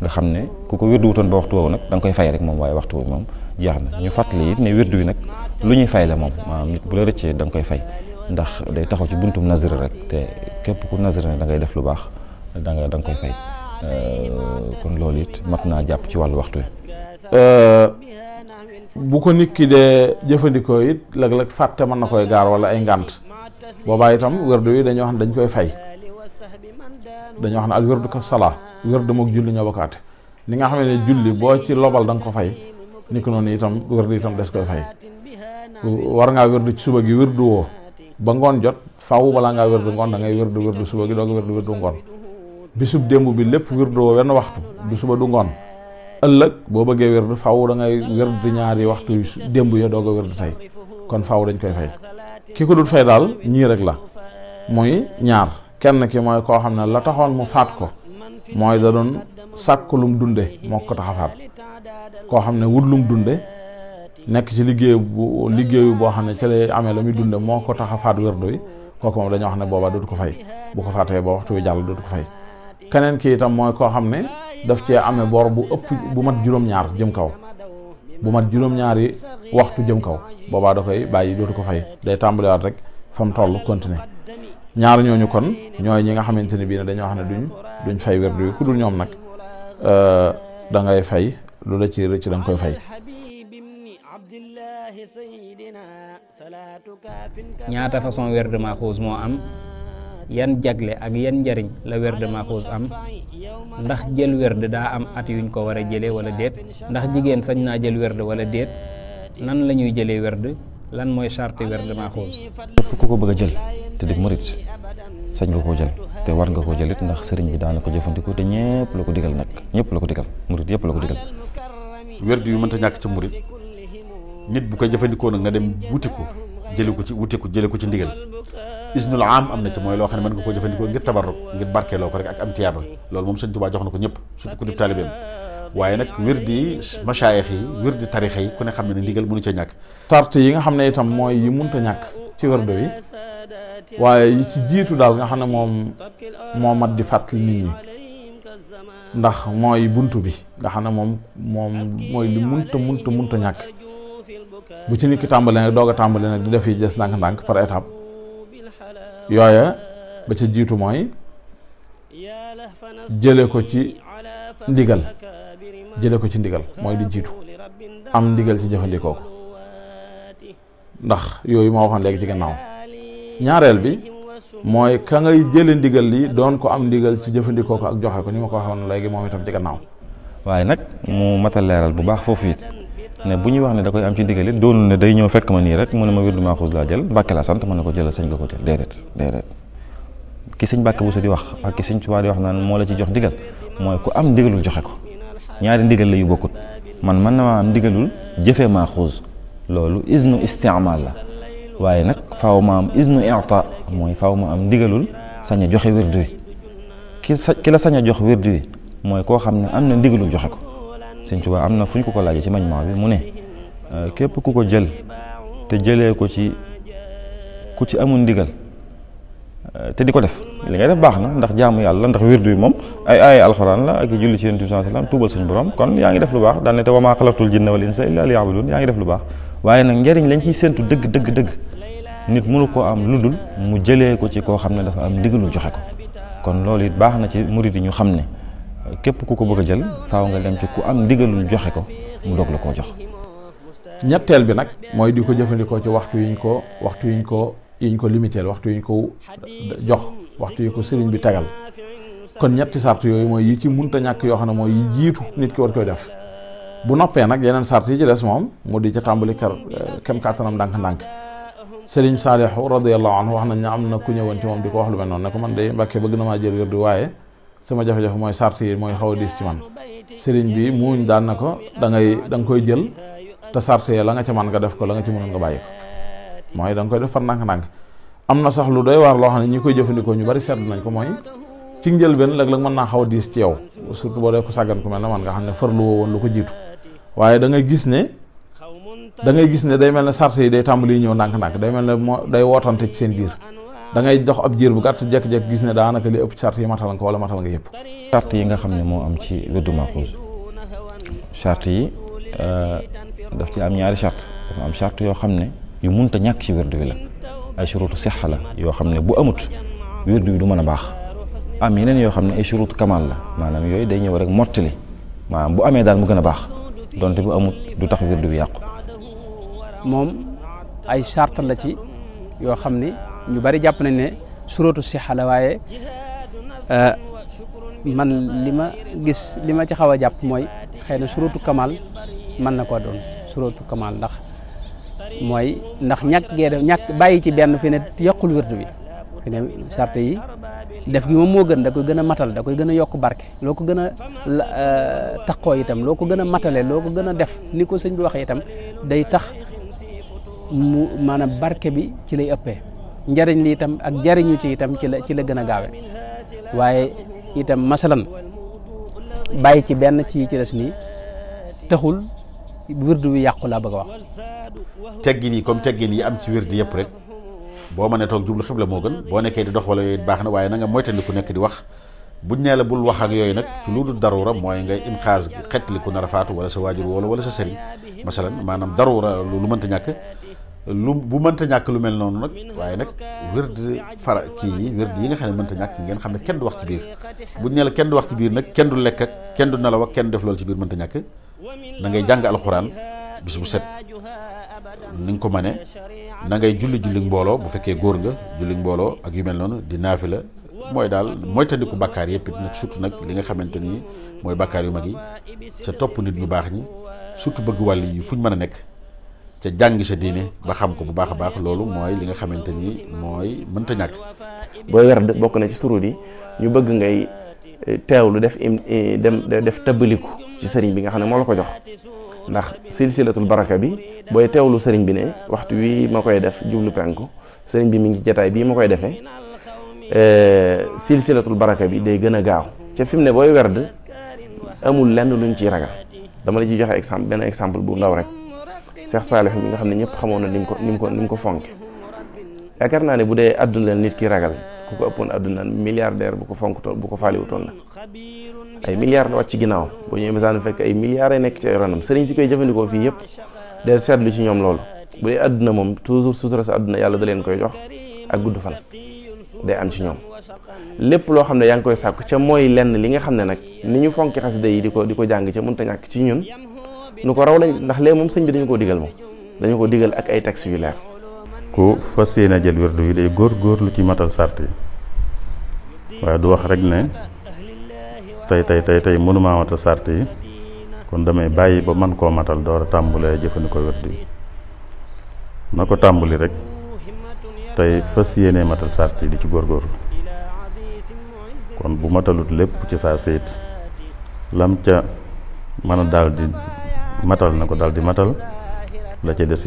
nga xam ne ku ko wérdu ba waxtu woowu nag da koy fay moom waaye waxtu woowu moom jeex na ñu fàttali ne wérdu nag lu ñuy fay la moom bu la rëccee da koy fay ndax day taxaw ci buntum nazir rek te képp ku nazir ne da ngay def lu baax da nga da nga koy fay euh, kon loolu it mat naa jàpp ci wàllu waxtu wi euh, bu ko nit ki dee jëfandikoo it léeg-léeg fàtte mën na koy gaar wala ay ngànt boobaa itam wérdu wi dañoo wax ne dañ koy fay dañoo xam ne ak wérdu ko salaa wérdu mook julli ñoo bokkaate li nga xam ne julli boo ci lobal danga ko fay ni noonu itam wérdu itam des koy fay war ngaa wérdu ci suba gi wérdu woo ba ngoon jot faaw balaa ngaa wérdu ngoon da ngay wérdu wérdu suba gi doog wérdu wérdu ngoon bisub démb bi lépp wérdu wenn waxtu du suba du ngoon ëllëg boo bëggee wérd faw da ngay wérd ñaari waxtu yu démb ya doog a wérd tey kon faw dañ koy fay ki ko dul fay daal ñii rek la muy ñaar kenn ki mooy koo xam ne la taxoon mu faat ko mooy da doon sàkk lum dunde moo ko tax faat koo xam ne wut lum dunde nekk ci liggéey bu liggéeyu boo xam ne ci lay amee la muy dunde moo tax a faat wérdu yi kooku moom dañoo wax ne booba dootu ko fay bu ko faatee ba waxtu wi jàll dootu ko fay keneen ki itam mooy koo xam ne daf cee amee bor bu ëpp bu mat juróom-ñaar jëm kaw bu mat juróom-ñaari waxtu jëm kaw boobaa da koy bàyyi dootu ko fay day tàmbaliwaat rek fa mu toll continuer ñaar ñooñu kon ñooy ñi nga xamante ne bii na dañoo wax ne duñ duñ fay werdu yi ku dul ñoom nag euh, da ngay fay lu la ci rëcc da nga koy fay ñaata façon werd maaxuus moo am yan jagle ak yan njariñ la werd Mahfouz am ndax jël werd daa am at yuñ ko war a jëlee wala déet ndax jigéen sañ naa jël werd wala déet nan la ñuy jëlee werd lan mooy charte werd Mahfouz képp ku ko bëgg a jël te di murit sañ koo jël te war nga koo jëlit ndax sëriñ bi daana ko jëfandikoo te ñëpp la ko digal nag ñëpp la ko digal murit yëpp la ko digal werd yu mënta ñàkk ci murit nit bu ko jëfandikoo nag nga dem wuti ko jële ko ci wuti ko jëli ko ci ndigal isnul am am na ci mooy loo xam ne mën nga koo jëfandikoo ngir tabarruk ngir barkeeloo ko rek ak am tiyaaba loolu moom sëñ Tuubaa jox na ko ñëpp surtout ku dib taalibeem waaye nag wirdi masaayix yi wirdi tarixa yi ku ne xam ne ne ndigal mënu ca ñàkk tart yi nga xam ne itam mooy yi mënta ñàkk ci wirdo yi waaye yi ci jiitu daal nga xam ne moom moo mat di fàttali nit ñi ndax mooy bunt bi nga xam ne moom moom mooy li munta munta munta ñàkk bu ci nit ki tàmbalee nag doog a nag di def yi des ndànk-ndànk par étape yooya ba ca jiitu mooy jële ko ci ndigal jële ko ci ndigal mooy di jiitu am ndigal ci jëfandikoo ko ndax yooyu ma waxoon léegi ci gannaaw ñaareel bi mooy ka ngay jële ndigal li doon ko am ndigal ci jëfandikoo ko ak joxe ko ni ma ko waxoon léegi moom itam ci gannaaw waaye nag mu matal leeral bu baax foofu it ne bu ñuy wax ne da koy am ci ndigal it doonul ne day ñëw fekk ma nii rek mu ne ma wirdu Maaxuus laa jël Mbàkke laa sant ma ne ko jëlal sëñ nga ko teel déedéet déedéet ki sëñ Mbàkke Buso di wax ak ki sëñ Tuubaa di wax naan moo la ci jox ndigal mooy ku am ndigalul joxe ko ñaari ndigal la yu bokkut man mën na maa am ndigalul jëfee Maaxuus loolu isnu istimaal la waaye nag faaw ma am isnu ita mooy faaw ma am ndigalul sañ a joxe wirdu wi ki sa ki la sañ a jox wirdu wi mooy koo xam ne am na ndigalul joxe ko sëñ Tuubaa am na fu ñu ko ko laajee ci mañumaa bi mu ne euh, képp ku ko jël te jëlee ko ci ku ci amul ndigal euh, te di ko def li ngay def baax na ndax jaamu yàlla ndax wirdu yi moom ay ay alxuraan la ak julli ci yonent bi sallallahu alayhi wasallam borom kon yaa ngi def lu baax daan ne te wa maa xalaqtul jinna wal insa illa liya'budun yaa ngi def lu baax waaye nag njëriñ lañ ciy séntu dëgg dëgg dëgg nit mënu koo am lu dul mu jëlee ko ci koo xam ne dafa am ndigalul joxe ko kon loolu na ci murid ñu xam ne képp ku ko bëgg a jël faaw nga dem ci ku am ndigalul joxe ko mu doog la koo jox. ñetteel bi nag mooy di ko jëfandikoo ci waxtu yuñ ko waxtu yuñ ko yuñ ko limiteel waxtu yuñ ko jox waxtu yu ko sëriñ bi tegal kon ñetti sart yooyu mooy yi ci munta ñàkk yoo xam ne mooy yi jiitu nit ki war koy def bu noppee nag yeneen sart yi ci des moom mu di ca tàmbali kar eh, kem kàttanam ndànk-ndànk sëriñ Saalixu radiyallahu anhu wax nañ ne am na ku ñëwoon ci moom di ko wax lu mel noonu ne ko man de Mbàkke bëgg na maa jël wér du waaye sama jafe-jafe mooy sart yi mooy xaw a diis ci man sëriñ bi muuñ daan na ko da ngay da nga koy jël te sart yi la nga ca man nga def ko la nga ci mënoon nga bàyyi ko mooy da koy def par ndànk-ndànk am na sax lu day waar loo xam ne ñu koy jëfandikoo ñu bari seetlu nañ ko mooy ci njëlbeen léeg-léeg mën naa xaw a diis ci yow surtout boo dee ko sàggan ko mel na man nga xam ne farlu woo woon lu ko jiitu waaye dangay gis ne da ngay gis ne day mel ne sart yi day tàmbali ñëw ndànk-ndànk day mel ne moo day wootante ci seen biir dangay ngay dox ab jiir bu gàtt jekk-jekk gis ne daanaka li ëpp charte yi matal nga ko yëpp. charte yi nga xam ne moo am ci wirdu Maxuus charte yi euh, daf ci am ñaari charte dafa yoo xam ne yu munta ñàkk ci wirdu wi la ay shurutu sihha la yoo xam ne bu amut wirdu wi du mën a baax am yeneen yoo xam ne ay shurutu kamal la maanaam yooyu day ñëw rek mottali maanaam bu amee daal mu gën a baax donte bu amut du tax wirdu bi yàqu. moom ay charte la ci yoo xam ni ñu bari jàpp nañ ne suratu sixa la waaye euh, man li ma gis li ma ci xaw a jàpp mooy xëy na suratu kamal mën na ko doon suratu kamal ndax mooy ndax ñàkk gee def ñàkk bàyyi ci benn fi ne yokkul wérdu bi fi ne sart yi def gi moom moo gën da koy gën a matal da koy gën a yokk barke loo ko gën a euh, taqoo itam loo ko gën a matale loo ko gën a def ni ko sëñ bi waxee itam day tax mu maanaam barke bi ci lay ëppee njariñ li itam ak jariñu ci itam ci la ci la gën a gaawe waaye itam masalan bàyyi ci benn ci ci des nii taxul wërdu wi yàqu laa bëgg a wax. teggin yi comme teggin yi am ci wërdu yëpp rek boo mënee toog jublu la moo gën boo nekkee di dox wala yooyu baax na waaye na nga moytandiku nekk di wax buñ nee la bul wax ak yooyu nag ci lu dul daruura mooy ngay in xaas xettaliku nar a faatu sa waajur wala wala sa sëriñ masalan maanaam daruura lu mënta ñàkk. lu bu mënta ñàkk lu mel noonu nag waaye nag wird e fara kii yi e wird yi nga xam ne mënta ñàkk ngeen xam ne kenn du wax ci biir e buñ ne kenn du wax ci biir nag kenn du lekk kenn du nelaw ak kenn def loolu ci biir mënta ñàkk na ngay jàng alxuraan bis bu set ni nga ko mënee na ngay julli julli mbooloo bu fekkee góor nga julli mbooloo ak yu mel noonu di la mooy daal mooy tandiku bàkkaar yëpp it nag surtout nag li nga xamante ni mooy bàkkaar yu mag yi topp nit ñu baax ñi surtout bëgg wàll yi fuñ mën a nekk ca jàng sa diine ba xam ko bu baax a baax loolu mooy li nga xamante ni mooy mënta ñàkk. booy werd bokk na ci surut yi ñu bëgg ngay eh, teewlu def im eh, dem def tëbbaliku ci sëriñ bi nga xam ne moo la ko jox ndax silsilatul baraka bi booy teewlu sëriñ bi ne waxtu wi ma koy def jublu penku sëriñ bi mi ngi jataay bii ma koy defee eh, silsilatul baraka bi day gën a gaaw ca fi mu ne booy werd amul lenn luñ ciy ragal dama la ci joxe exemple benn exemple bu ndaw rek. Cheikh Saalix mi nga xam ne ñëpp xamoon na ni mu ko ni mu ko ko fonke yaakaar naa ne bu dee àdduna nit ki ragal ku ko ëppoon àdduna milliardaire bu ko fonk toon bu ko faaliwutoon la ay milliards la wàcc ci ginnaaw boo ñëwee masaan fekk ay milliards ay nekk ci ay ranam sëriñ si koy jëfandikoo fii yëpp del seetlu ci ñoom loolu bu dee àdduna moom toujours sutura sa àdduna yàlla da leen koy jox ak gudd fan day am ci ñoom lépp loo xam ne yaa ngi koy sàkku ca mooy lenn li nga xam ne nag ni ñu fonki xasida di ko di ko jàng ca mënta ñàkk ci ñun nu ko raw lañ ndax lee moom sëñ bi dañu koo digal moom dañu ko digal ak ay textes yu leer ku fas yéene jël wérdu yi day góor góorlu ci matal sart yi waaye du wax rek ne tey tey tey tey mënumaa matal sart kon damay bàyyi ba man koo matal door a tàmbulee jëfandikoo wérdu yi na ko tàmbuli rek tey fës yéene matal sart yi di ci góorgóorlu kon bu matalut lépp ci saa séet lam ca mën a daal matal na ko daal di matal la ca des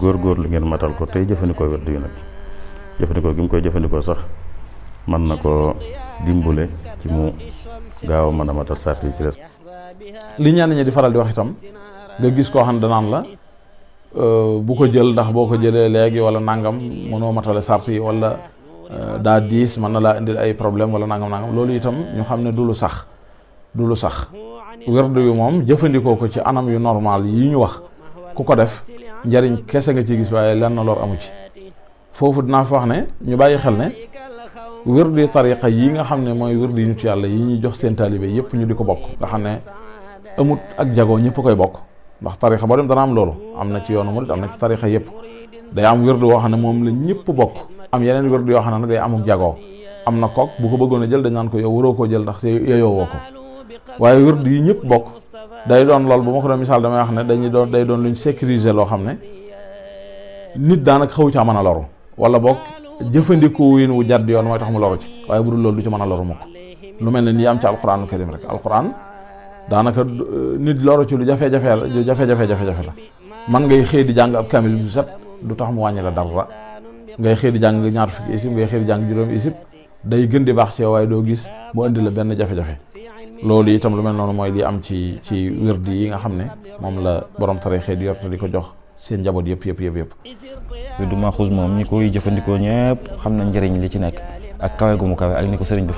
góor góor lu ngeen matal ko tey jëfandikoo wird wi nag jëfandikoo gi mu koy jëfandikoo sax man na ko dimbule ci mu gaaw a mën a matal sart yi ci des li ñaan ñi di faral di wax itam nga gis koo xam ne danaan la euh, bu ko jël ndax boo ko jëlee léegi wala nangam mënoo matale sart yi wala euh, daa diis mën na laa indil ay problème wala nangam nangam loolu itam ñu xam ne du lu sax du lu sax werdu yu moom jëfandikoo ko ci anam yu normal yi ñu wax ku ko def njariñ kese nga ci gis waaye lenn lor amu ci foofu dinaa fa wax ne ñu bàyyi xel ne werdu yu tariqa nga xam ne mooy werdu yu nit yi ñuy jox seen taalibe ñu di ko bokk nga xam ne amut ak jagoo ñëpp koy bokk ndax tariqa boo dem dana am loolu am na ci yoonu murid am na ci tariqa yëpp day am werdu woo xam ne moom la ñëpp bokk am yeneen werdu yoo xam ne nag day amuk jagoo am na kook bu ko bëggoon jël dañ naan ko yow waroo koo jël ndax yoyoo woo ko waaye wur yi ñëpp bokk day doon lool bu ma ko doon misaal damay wax ne dañuy doon day doon luñ sécuriser loo xam ne nit daanaka xaw ca mën a loru wala bokk jëfandikoo yin wu jadd yoon mooy tax mu loru ci waaye bu dul loolu du ci mën a loru mukk lu mel ne nii am ci alxuraanul karim rek alxuraan daanaka euh, nit loru ci lu jafe-jafe la jafe-jafe jafe-jafe man ngay xëy di jàng ab kamil bu set du tax mu wàññi la dara ngay xëy di jàng ñaar fukki isib ngay xëy di jàng juróom isib day gën di baax ci waaye doo gis mu indi la benn jafe loolu itam lu mel noonu mooy li am ci ci wérdi yi nga xam ne moom la borom tarixe di yorta di ko jox seen njaboot yëpp yëpp yëpp yëpp wirdu Maaxuus moom ñi koy jëfandikoo ñëpp xam na njëriñ li ci nekk ak kawe gu mu kawe ak ni ko sëriñ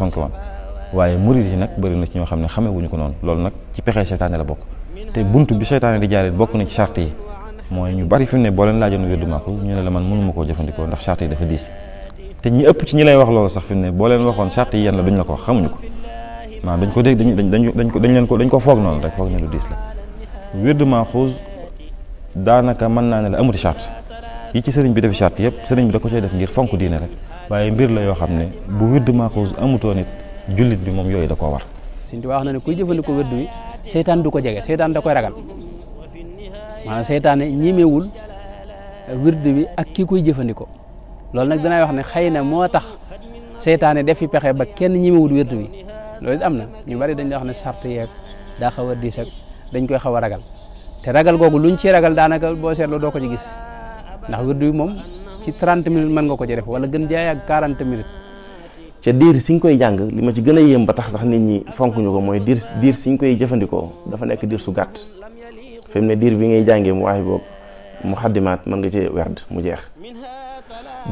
xam ne xamewuñu ko noonu loolu nag ci pexe seytaane bokk te bunt bi seytaane di jaaree bokk na ci charte yi mooy ñu bari fi mu ñu ne la man mënuma koo jëfandikoo ndax charte yi dafa diis te ñi ëpp ci ñi lay wax loolu sax fi ne boo leen waxoon charte yi yan la duñ la ko xamuñu ko maanaam dañ ko dégg dañ dañ dañ ko dañ leen ko dañ ko foog noonu rek foog ne lu diis la wird Màhuuz daanaka mën naa ne la amuti charte yi ci sëriñ bi defi charte yëpp sëriñ bi da ko cay def ngir fonk diine rek waaye mbir la yoo xam ne bu wird Màhuuz amutoo nit jullit bi moom yooyu da koo war Sëriñ Tuubaa wax na ne kuy jëfandikoo wird wi seytaan du ko jege seytaan da ko ragal ma seytaane ñemewul wird bi ak kii koy jëfandikoo loolu nag dinaay wax ne xëy na moo tax seytaane def fi pexe ba kenn ñemewul wird wi loolu am na ñu bari dañ la wax ne sart yeeg daa xaw a diis dañ koy xaw a ragal te ragal googu ñu ci ragal daanaka boo seetloo doo ko ci gis ndax wirdu bi moom ci 30 minutes mën nga ko ci def wala gën jaay ak 40 minutes. ca diir siñ koy jàng li ma ci gën a yéem ba tax sax nit ñi fonk ñu ko mooy diir diir siñ koy jëfandikoo dafa nekk diir su gàtt fi ne diir bi ngay jàngee mu waaye boobu mu xaddimaat mën nga ci werd mu jeex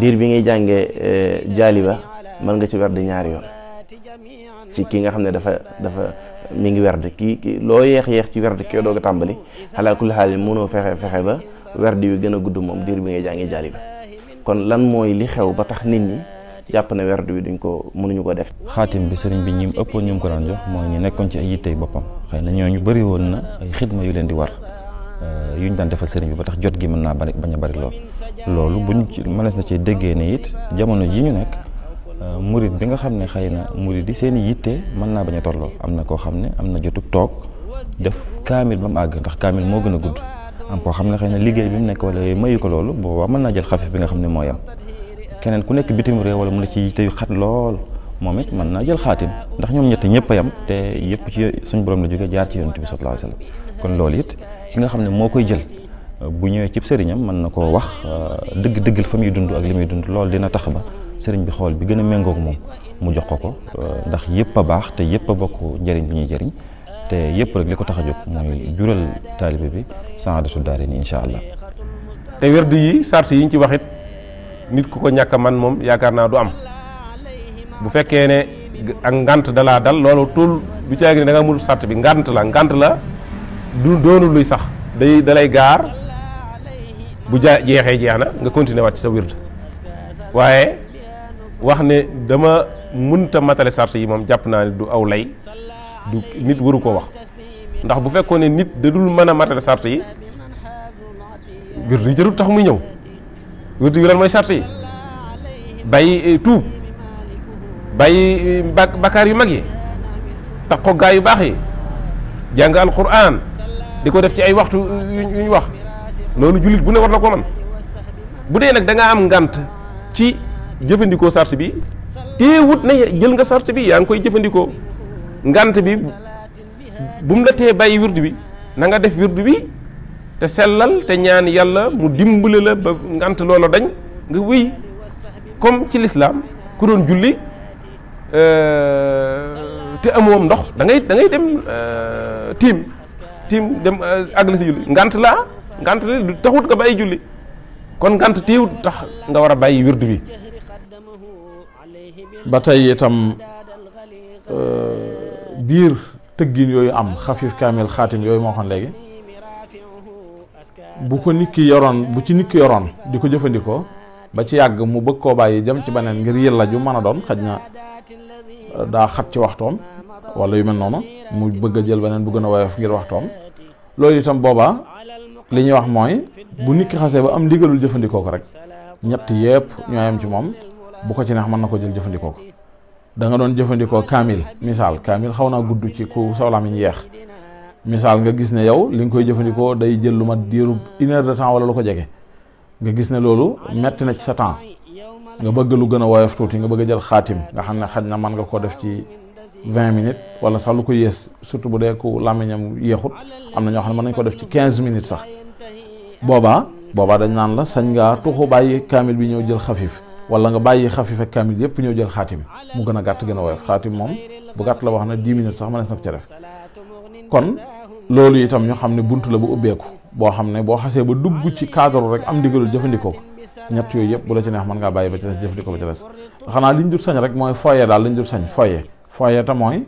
diir bi ngay jàngee eh, jaaliba mën nga ci werd ñaari yoon. ci ki nga xam ne dafa dafa mu ngi werd kii loo yeex yeex ci werd kii doog a tàmbali ala kulli xaal mënoo fexe fexe ba werd wi gën a gudd moom diir bi ngay jàngi jaali bi kon lan mooy li xew ba tax nit ñi jàpp ne werd wi duñ ko mënuñu ko def. xaatim bi sëriñ bi ñi ëppoon ñu ko daan jox mooy ñu nekkoon ci ay yittey boppam xëy na ñooñu bëri woon na ay xidma yu leen di war. Euh, yu ñu daan defal sëriñ bi ba tax jot gi mën naa bari bañ a bari lool loolu buñ ci mënees na ci déggee ne it jamono ji ñu nekk Euh, murit bi nga xam ne xëy na murit yi seen i yitte mën naa bañ a tolloo am na koo xam ne am na jotug toog def kaamil ba mu àgg ndax kaamil moo gën a gudd am koo xam ne xëy na liggéey bi mu nekk wala yooyu mayu ko loolu boobaa mën naa jël xafif bi nga xam ne moo yam keneen ku nekk bitim réew wala mu la ci yitte yu xat lool moom it mën naa jël xaatim ndax ñoom ñett ñëpp yam te yëpp ci suñ borom la jógee jaar ci yonent bi sallallahu alayhi wasallam kon loolu yit ki nga xam ne moo koy jël bu ñëwee cib sëriñam mën na koo wax euh, dëgg-dëggal fa muy dund ak li muy dund loolu dina tax ba sëriñ bi xool bi gën a méngoog moom mu jox ko ko euh, ndax yëpp a baax te yëpp a bokk njëriñ bi ñuy jëriñ te yëpp rek li ko tax a jóg mooy jural taalibe bi saada su daare ni incha allah. te werdu yi sart yi ñu ci waxit nit ku ko ñàkk man moom yaakaar naa du am bu fekkee ne ak ngant da dal loolu tul du caagi ne da nga mul sart bi ngant la ngant la du doonul luy sax day dalay gaar bu ja jeexee jeex na nga continuer waat ci sa wird waaye wax ne dama munta matale sart yi moom jàpp naa ne du aw lay du nit waru ko wax ndax bu fekkoon ne nit da dul mën a matale sart yi wird tax muy ñëw wird yi lan mooy sart yi bàyyi eh, tuub bàyyi eh, bakkaar yu mag yi taqoo gaa yu baax yi jàng alquran di ko def ci ay waxtu eh, yu ñu wax loolu jullit bu ne war na ko man bu dee nag da am ngant ci jëfandikoo sart bi teewut na jël nga sart bi yaa ngi koy jëfandikoo ngant bi bu mu la tee bàyyi wird bi na nga def wird bi te sellal te ñaan yàlla mu dimbale la ba ngant loola dañ nga wéy comme ci lislaam ku doon julli euh, te am ndox da ngay da ngay dem euh, tiim tiim dem euh, àggali si julli ngant la ngant la taxut nga bàyyi julli kon ngant teewut tax nga war a bàyyi wird wi ba tey itam euh, biir tëggin yooyu am xafif kaamil xaatim yooyu moo xam léegi bu ko nikki yoroon bu ci nikki yoroon di ko jëfandikoo ba ci yàgg mu bëgg koo bàyyi jëm ci beneen ngir yëlla ju mën a doon xaj na euh, daa xat ci waxtoom wala yu mel noonu mu bëgg a jël beneen bu gën a woyof ngir waxtoom loolu itam boobaa li ñuy wax mooy bu nikki xasee ba am ndigalul jëfandikoo ko rek ñett yépp ñooy am ci moom bu ko ci neex mën na ko jël jëfandikoo ko da nga doon jëfandikoo kaamil misaal kaamil xaw naa gudd ci ku sawla mi yeex misaal nga gis ne yow li nga koy jëfandikoo day jël lu mat diiru une de temps wala lu ko jege nga gis ne loolu metti na ci sa temps nga bëgg lu gën a woyof tuuti nga bëgg a jël xaatim nga xam ne xaj na mën nga koo def ci vingt minutes wala sax lu ko yées surtout bu dee ku làmmiñam yéexut am na ñoo xam ne mën nañ ko def ci quinze minutes sax boobaa boobaa dañ naan la sañ ngaa tuxu bàyyi kaamil bi ñëw jël xafif wala nga bàyyi xafifa kaamil yëpp ñëw jël xaatim mu gën a gàtt gën a woyof xaatim moom bu gàtt la wax na dix minutes sax mënees na ko ca def kon loolu itam ñu xam ne bunt la bu ubbeeku boo xam ne boo xasee ba dugg ci cadre rek am ndigalul jëfandikoo ñett yooyu yëpp bu la ci neex mën ngaa bàyyi ba ci des jëfandikoo ba ci des xanaa liñ jur sañ rek mooy foye daal liñ jur sañ foye foye tam mooy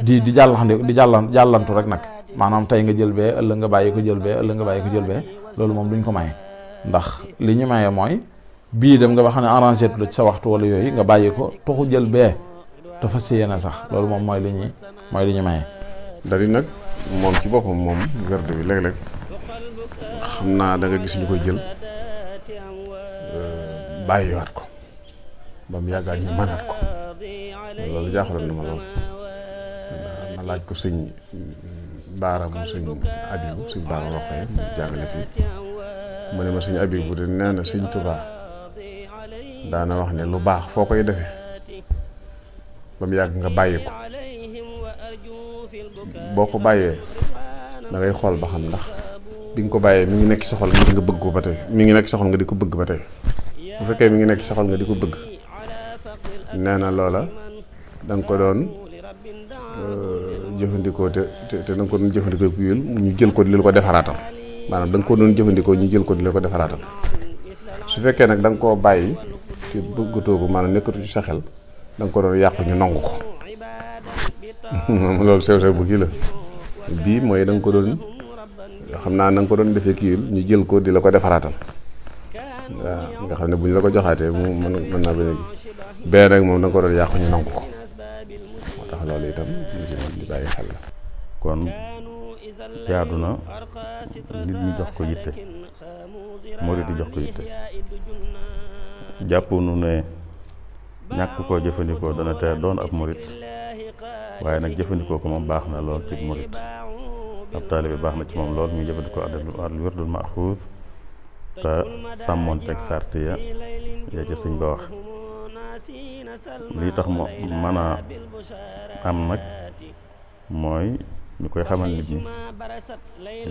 di di jàllandi di jàllan jàllantu rek nag maanaam tey nga jël bee ëllëg nga bàyyi ko jël bee ëllëg nga bàyyi ko jël bee loolu moom duñ ko maye ndax li ñu maye mooy bii dem nga ba xam ne arrangé la ci sa waxtu wala yooyu nga bàyyi ko toxu jël bee dafa fas yéene sax loolu moom mooy li ñuy mooy li ñu maye. dari nag moom ci boppam moom werd bi léeg-léeg xam naa danga nga gis ñu koy jël euh, bàyyiwaat ko ba mu yàggaat ñu mënaat ko loolu jaaxaloon na ma lool ma laaj ko sëñ baara mu sëñ abibu sëñ baara waxee mu jàngale fii mu ne ma sëñ abibu de nee sëñ tubaa daana wax ne lu baax foo koy defe ba mu yàgg nga bàyyi ko boo ko bàyyee dangay xool ba xam ndax bi nga ko bàyyee mi ngi nekk sa xol nga di ko bëgg ko ba tey ngi nekk sa nga di ko bëgg ba bu fekkee mi ngi nekk sa xol nga di ko bëgg nee na loola danga ko doon euh, jëfandikoo te te da nga ko doon jëfandikoo ku yul ñu jël ko di leen ko defaraatal maanaam da nga ko doon jëfandikoo ñu jël ko di leen ko defaraatal su fekkee nag danga koo bàyyi. te bëggatoo ko maanaam nekkatu ci sa xel da nga ko doon yàq ñu nangu ko [LAUGHS] loolu sew sew bu kii la bii mooy da nga ko doon xam naa na nga ko doon defee kii ñu jël ko di la ko defaraatal waaw nga xam ne buñ la ko joxaatee mu mën mën naa bañ a moom da ko doon yàq ñu nangu ko moo tax loolu itam jox ko yitte murid jàpp nu ne ñàkk koo jëfandikoo dana tey doon ab murit waaye nag jëfandikoo ko moom baax na lool ci murit ab taalibe baax na ci moom lool muy jëfandikoo al wirdul maxuus te sàmmoon teg sart ya ya ca sëñ ba wax lii tax mu mën a am nag mooy ñu koy xamal nit ñi di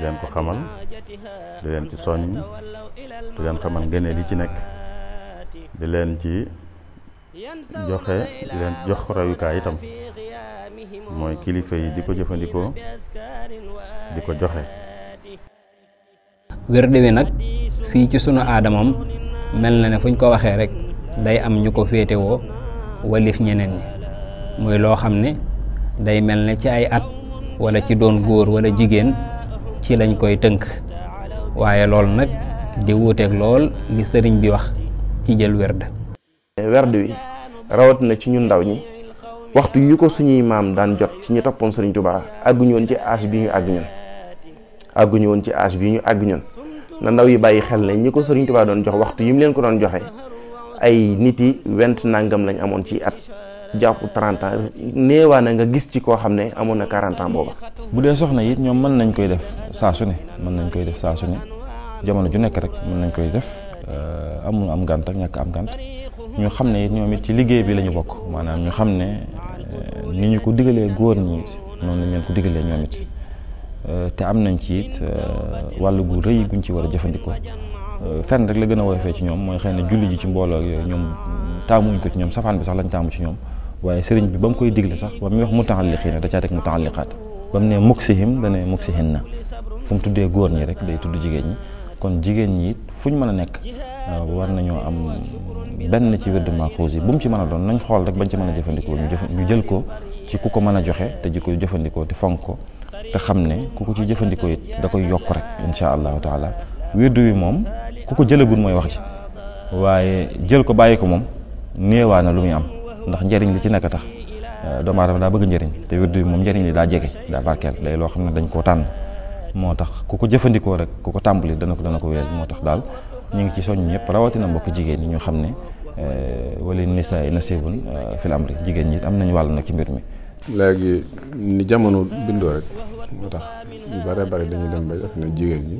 leen ko xamal di leen ci soññ di leen xamal ngëneel yi ci nekk di leen ci joxe leen jox royukaay itam mooy kilifa yi di ko jëfandikoo di ko joxe wérde nag fii ci sunu aadamam mel na ne fuñ ko waxee rek day am ñu ko féetewoo walif ñeneen ñi muy loo xam ne day mel ne ci ay at wala ci doon góor wala jigéen ci lañ koy tënk waaye loolu nag di wuuteeg lool li sëriñ bi wax ci jël werd werd wi rawat na ci ñun ndaw ñi waxtu yu ko suñuy maam daan jot ci ñu toppoon Sëriñ Tuubaa àgguñu woon ci âge bi ñu àgg ñun woon ci âge bi ñu àgg na ndaw yi bàyyi xel ne ñi ko Sëriñ Tuubaa doon jox waxtu yi mu leen ko doon joxe ay nit yi went nangam lañ amoon ci at jàpp 30 ans néewaa nga gis ci koo xam ne amoon na 40 ans booba. bu dee soxna it ñoom mën nañ koy def saa su ne mën nañ koy def saa su ne jamono ju nekk rek mën nañ koy def. Euh, amul am gant ak ñàkk am gànt ñu xam ne it ñoom it ci liggéey bi la ñu bokk maanaam ñu xam ne euh, ni ñu ko digalee góor ñi it noonu lañ leen ko digalee ñoom it euh, te am nañ ci it wàll gu rëy guñ ci war a jëfandikoo fenn rek la gën a woyofee ci ñoom mooy xëy na julli ji ci mbooloo yooyu ñoom taamuñ ko ci ñoom safaan bi sax lañ taamu ci ñoom waaye sëriñ bi ba mu koy digle sax wax muy wax mutaalliqiina da caa teg mutaalliqaat ba mu ne muksihim si ne na fu mu tuddee góor ñi rek day tudd jigéen ñi kon jigéen fu ñu mën a nekk war nañoo am benn ci wirdu maxuus yi bu mu ci mën a doon nañ xool rek bañ ci mën a jëfandikoo ñu jël ko ci ku ko mën a joxe te ji ko jëfandikoo te fonk ko te xam ne ku ko ci jëfandikoo it da koy yokk rek incha allahu taala wirdu wi moom ku ko jëlagul mooy wax ci waaye jël ko bàyyi ko moom néewaa na lu muy am ndax njariñ li ci nekk tax doomu aadama daa bëgg njëriñ te wirdu wi moom njëriñ li daa jege daa barkeel day loo xam ne dañ koo tànn moo tax ku ko jëfandikoo rek ku ko tàmbali dana ko dana ko wéyal moo tax daal ñu ngi ci soññ ñëpp rawatina mbokk jigéen ñi ñu xam ne eh, wala nisaay nasibun eh, fil jigéen ñi am nañu wàll nag ci mbir mi. léegi ni jamono bindoo rek moo tax ñu bare bare dañuy dem ba def jigéen ñi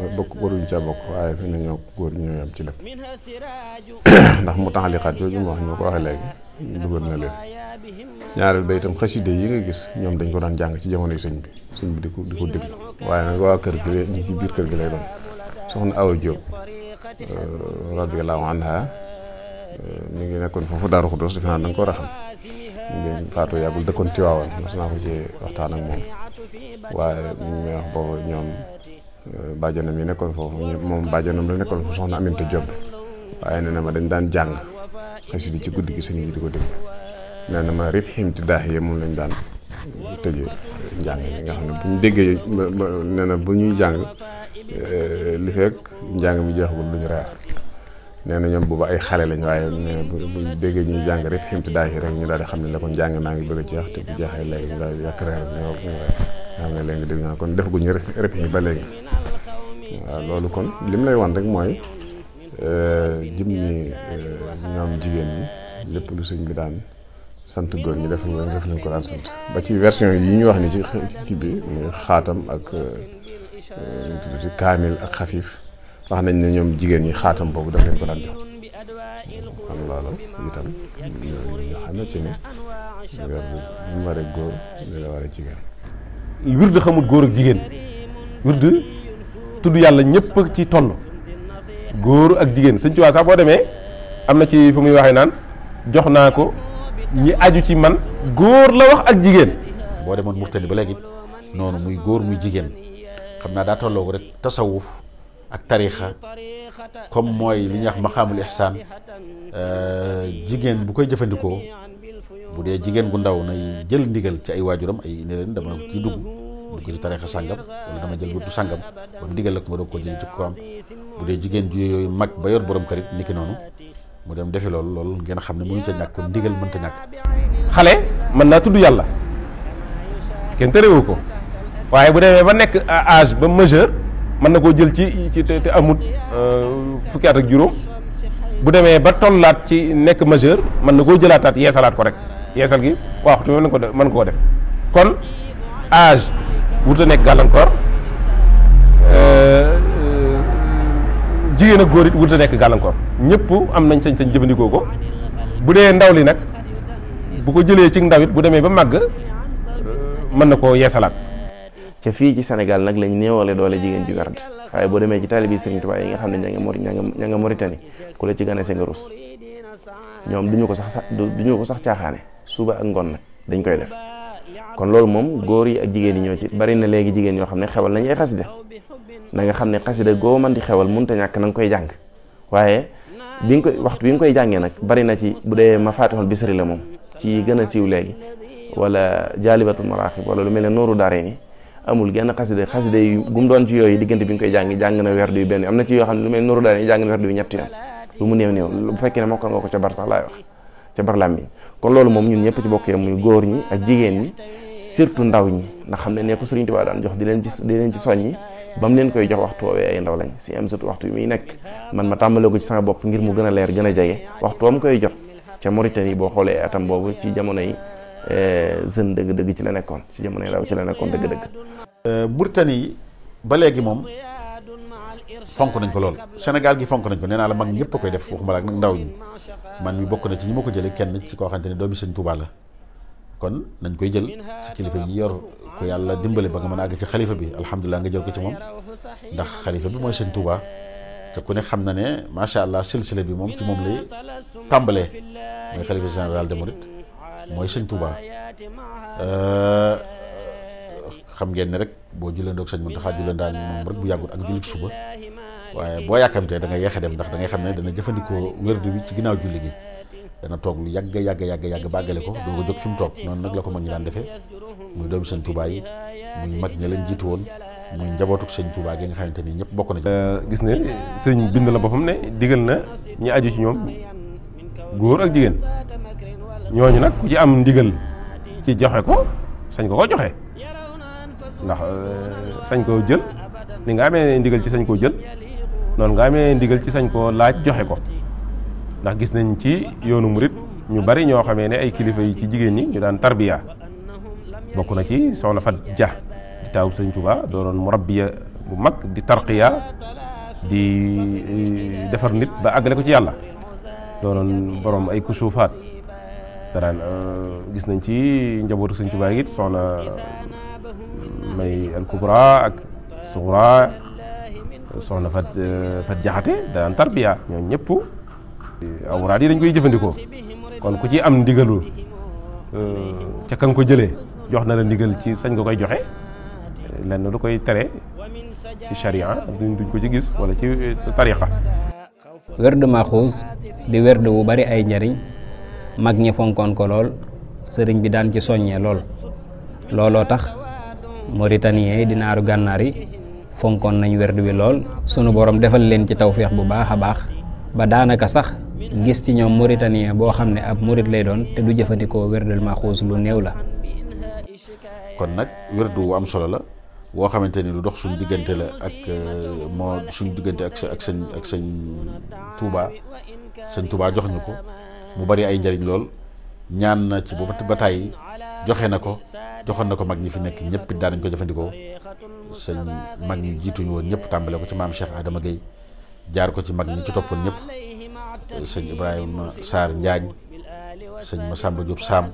eh, bokk waruñu ca bokk waaye fi ne ñoo góor ñoo yam ci lépp [COUGHS] ndax mu taxalikaat yooyu mu wax ñu ko waxee léegi dugal na leen. ñaareel ba itam xaside yi nga gis ñoom dañ ko daan jàng ci jamonoy sëñ bi sëñ bi di ko di ko déglu waaye nag waa kër gi ñi ci biir kër gi lay doon soxna Awa Diop euh, radiyallahu euh, mi ngi nekkoon foofu Daaru Xudoos defe naa da nga ko war a xam mi ngi faatoo yàggul dëkkoon Tiwaawan mas naa ko ci waxtaan ak moom waaye mi ngi wax boobu ñoom euh, bàjjanam yi nekkoon foofu moom bàjjanam la nekkoon foofu soxna Aminta Diop waaye nee na ma dañ daan jàng xaside ci guddi gi sëñ bi di ko déglu nee na ma rib xim ti yi moom lañ daan tëjee njàng mi nga xam ne bu ñu déggee bu ñuy jàng eh, li fekk njàng mi jeexagul duñu reer nee na ñoom boobu ay xale lañ waaye nee na ñu ñuy jàng rib xim ti daax yi rek ñu daal di xam ne la ko njàng maa ngi bëgg a jeex te bu jeexee léegi ñu daal di yàq reer ñoo xam ne léegi dégg naa kon def guñu rib xim ba léegi waaw loolu kon li mu lay wan rek mooy eh, jëm ni eh, ñoom jigéen ñi lépp lu sëñ bi daal sant góor ñu def nañ ko daan sant ba ci version yi ñu wax ni ci ci bi xaatam ak euh, euh, kaamil ak xafiif wax nañ ne ñoom jigéen ñi xaatam boobu daf leen ko daan jox kon loolu itam ñu xam na ci ne weer bu mu la waree jigéen wird xamul góor ak jigéen wird tudd yàlla ñëpp ci toll góor ak jigéen sëñ ci waa sax boo demee am na ci fu muy waxee naan jox naa ko ñi aju ci man góor la wax ak jigéen boo demoon murtali ba léegi noonu muy góor muy jigéen xam naa daa tolloo ko rek tasawuf ak tarixa comme mooy li ñuy wax maxaamul ixsaan euh, jigéen bu koy jëfandikoo bu dee jigéen gu ndaw nay jël ndigal ci ay waajuram ay ne leen dama ciy dugg dugg ci tarixa sàngam wala dama jël wuttu sàngam ba ndigal la ko nga doog koo jël ci ko bu dee jigéen ju yooyu mag ba yor borom kër it noonu mu dem defi loolu loolu ngeen xam ne mënu ca ñàkk kon ndigal mënta ñàkk. xale mën naa tudd yàlla kenn terewu ko waaye bu demee ba nekk âge ba majeur mën na koo jël ci ci te amut euh, fukki at ak juróom bu demee ba tollaat ci nekk majeur mën na koo jëlaataat yeesalaat ko rek yeesal gi waxtu mën na ko mën koo def kon âge wut a nekk gàllankoor. jigéen ak góor yi wut a nekk gàllankoor ñëpp am nañ sañ sañ jëfandikoo ko bu dee ndaw li nag bu ko jëlee ci ndaw bu demee ba màgg euh, mën na koo yeesalaat. ca fii ci Sénégal nag lañ néewale doole jigéen ju werd waaye boo demee ci taalibi Sëriñ Tuubaa yi nga xam ne ña nga mor ña nga Moritani ku la ci gane si nga rus ñoom duñu ko sax duñu ko sax caaxaane suba ak ngoon nag dañ koy def kon loolu moom góor yi ak jigéen yi ñoo ci bari na léegi jigéen yoo xam ne xewal nañ ay xasida na nga xam ne xasida goo mën di xewal mënta ñàkk na nga koy jàng waaye bi nga koy waxtu wi nga koy jàngee nag bari na ci bu dee bi bisri la moom ci gën a siiw léegi wala ma maraaxib wala lu mel ne nooru daare ni amul genn xasida xasida yi gum doon ci yooyu diggante bi nga koy jàng jàng na werdu yu benn am na ci yoo xam ne lu mel ne nooru daare ni jàng na werdu yu ñetti yoon lu mu néew néew bu fekkee ne nga ko ca bar sax laay wax ca loolu moom ñun ñëpp ci bokkee muy góor ñi ak jigéen ñi surtout ndaw ñi nga xam ne ne ko Sëriñ Tuubaa jox di leen ci di leen ci soññi ba mu leen koy jox waxtu woowee ay ndaw lañ si am satu waxtu yi muy nekk man ma tàmbalee ko ci sama bopp ngir mu gën a leer gën a jege waxtu am koy jot ca Mauritanie boo xoolee atam boobu ci jamono yi eh, jeune dëgg-dëgg ci la nekkoon ci jamono yi ci la nekkoon dëgg-dëgg. Euh, Mauritanie yi ba léegi moom fonk nañ ko lool senegal gi fonk nañ ko nee naa la mag ñëpp a koy def waxuma la ak nag ndaw ñi man mi bokk na ci ñi ma ko jëlee kenn ci ko xamante ne doomi Sëñ Tuubaa la kon nañ koy jël ci kilifa yi yor. ko yàlla dimbali ba nga mën a àgg ci xalifa bi alhamdulilah nga jël ko ci moom ndax xalifa bi mooy sëñ Touba te ku ne xam na ne macha allah silsile bi moom ci moom lay tàmbalee mooy xalifa général des mourides mooy sëñ Touba euh, xam ngeen ne rek boo jullandoog sëñ Mountakha jullandaan moom rek bu yàggut ak jullit suba waaye boo yàkkamtee da nga yeexe dem ndax da xam ne dana jëfandikoo wérdu wi ci ginnaaw julli gi dana toog lu yàgg yàgg yàgg yàgg bàggale ko doo ko jóg fi mu toog noonu nag la ko mag ñi daan defee muy doomi sëñ Touba muy mag ña leen jiitu woon muy njabootuk sëñ Touba gi nga xamante ni ñëpp bokk na ci. Euh, gis ne sëñ bind la boppam ne digal na ñi aju ci ñoom góor ak jigéen ñooñu nag ku ci am ndigal ci joxe ko sañ ko ko joxe ndax euh, sañ koo jël ni nga amee ndigal ci sañ ko jël noonu nga amee ndigal ci sañ ko laaj joxe ko. ndax gis nañ ci yoonu murit ñu bari ñoo xamee ne ay kilifa yi ci jigéen ñi ñu daan tarbiya bokk na ci soxna Fat Dia di taawu sëñ Tuba doonoon murabbiya bu mag di tarqiya di eh, defar nit ba àggale ko ci yàlla doonoon borom ay kusuufaat daraan eh, gis nañ ci njabootu sëñ Tuba it soxna may al kubra ak suxra soxna Fat eh, Fat Jaxate daan tarbiya ñoo ñëpp awraat yi dañ koy jëfandikoo kon ku ci am ndigalul euh, ca kan ko jëlee jox na la ndigal ci sañ nga koy joxe lenn lu koy tere ci charia duñ ko ci gis wala ci euh, tariqa werd maxuus di werd wu bari ay njariñ mag ñi fonkoon ko lool sëriñ bi daan ci soññee lool looloo tax mauritanien yi di naaru gànnaar yi fonkoon nañ werd wi lool sunu borom defal leen ci tawféex bu baax baax ba daanaka sax gis ci ñoom mauritanien boo xam ne ab murit lay doon te du jëfandikoo wérdul maxuus lu neew la kon nag wérdu wu am solo la woo xamante ni lu dox suñ diggante la ak euh, moo suñ diggante ak ak sëñ ak sëñ Touba sëñ jox ñu ko mu bari ay njariñ lool ñaan na ci ba tàyyi joxe na ko joxoon na ko mag ñi fi nekk ñëpp it daanañ ko jëfandikoo sëñ mag ñu jiituñu woon ñëpp tàmbale ko ci maam Cheikh Adama Gueye jaar ko ci mag ñi ci toppoon ñëpp sëñ Ibrahima saar Njaañ sëñ Massamba Diop saam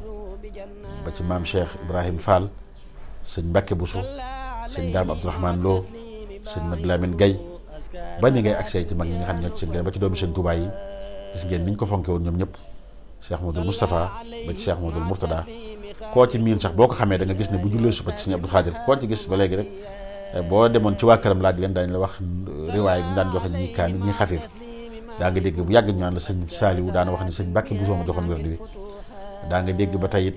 ba ci maam Cheikh Ibrahim Fall sëñ Mbacke Bousso sëñ Dame Abdourahmane Lo sëñ Mad Lamine Gaye ba ni ngay accès ci mag ñi nga xam ne ñoo ci seen gën ba ci doomi sëñ Touba yi gis ngeen niñ ko fonke woon ñoom ñëpp Cheikh Modou Moustapha ba ci Cheikh Modou Mourtada koo ci miin sax boo ko xamee da nga gis ne bu jullee suba ci sëñ Abdou koo ci gis ba léegi rek Eh, boo demoon ci waa këram laaj leen daañu la wax eh, riwaay bi ñu daan joxe ñi kaamil ñi xafir daa nga dégg bu yàgg ñu naan la sëñ Saaliwu daan wax ni sëñ Mbàkke Buso ma joxoon daa nga dégg ba tey it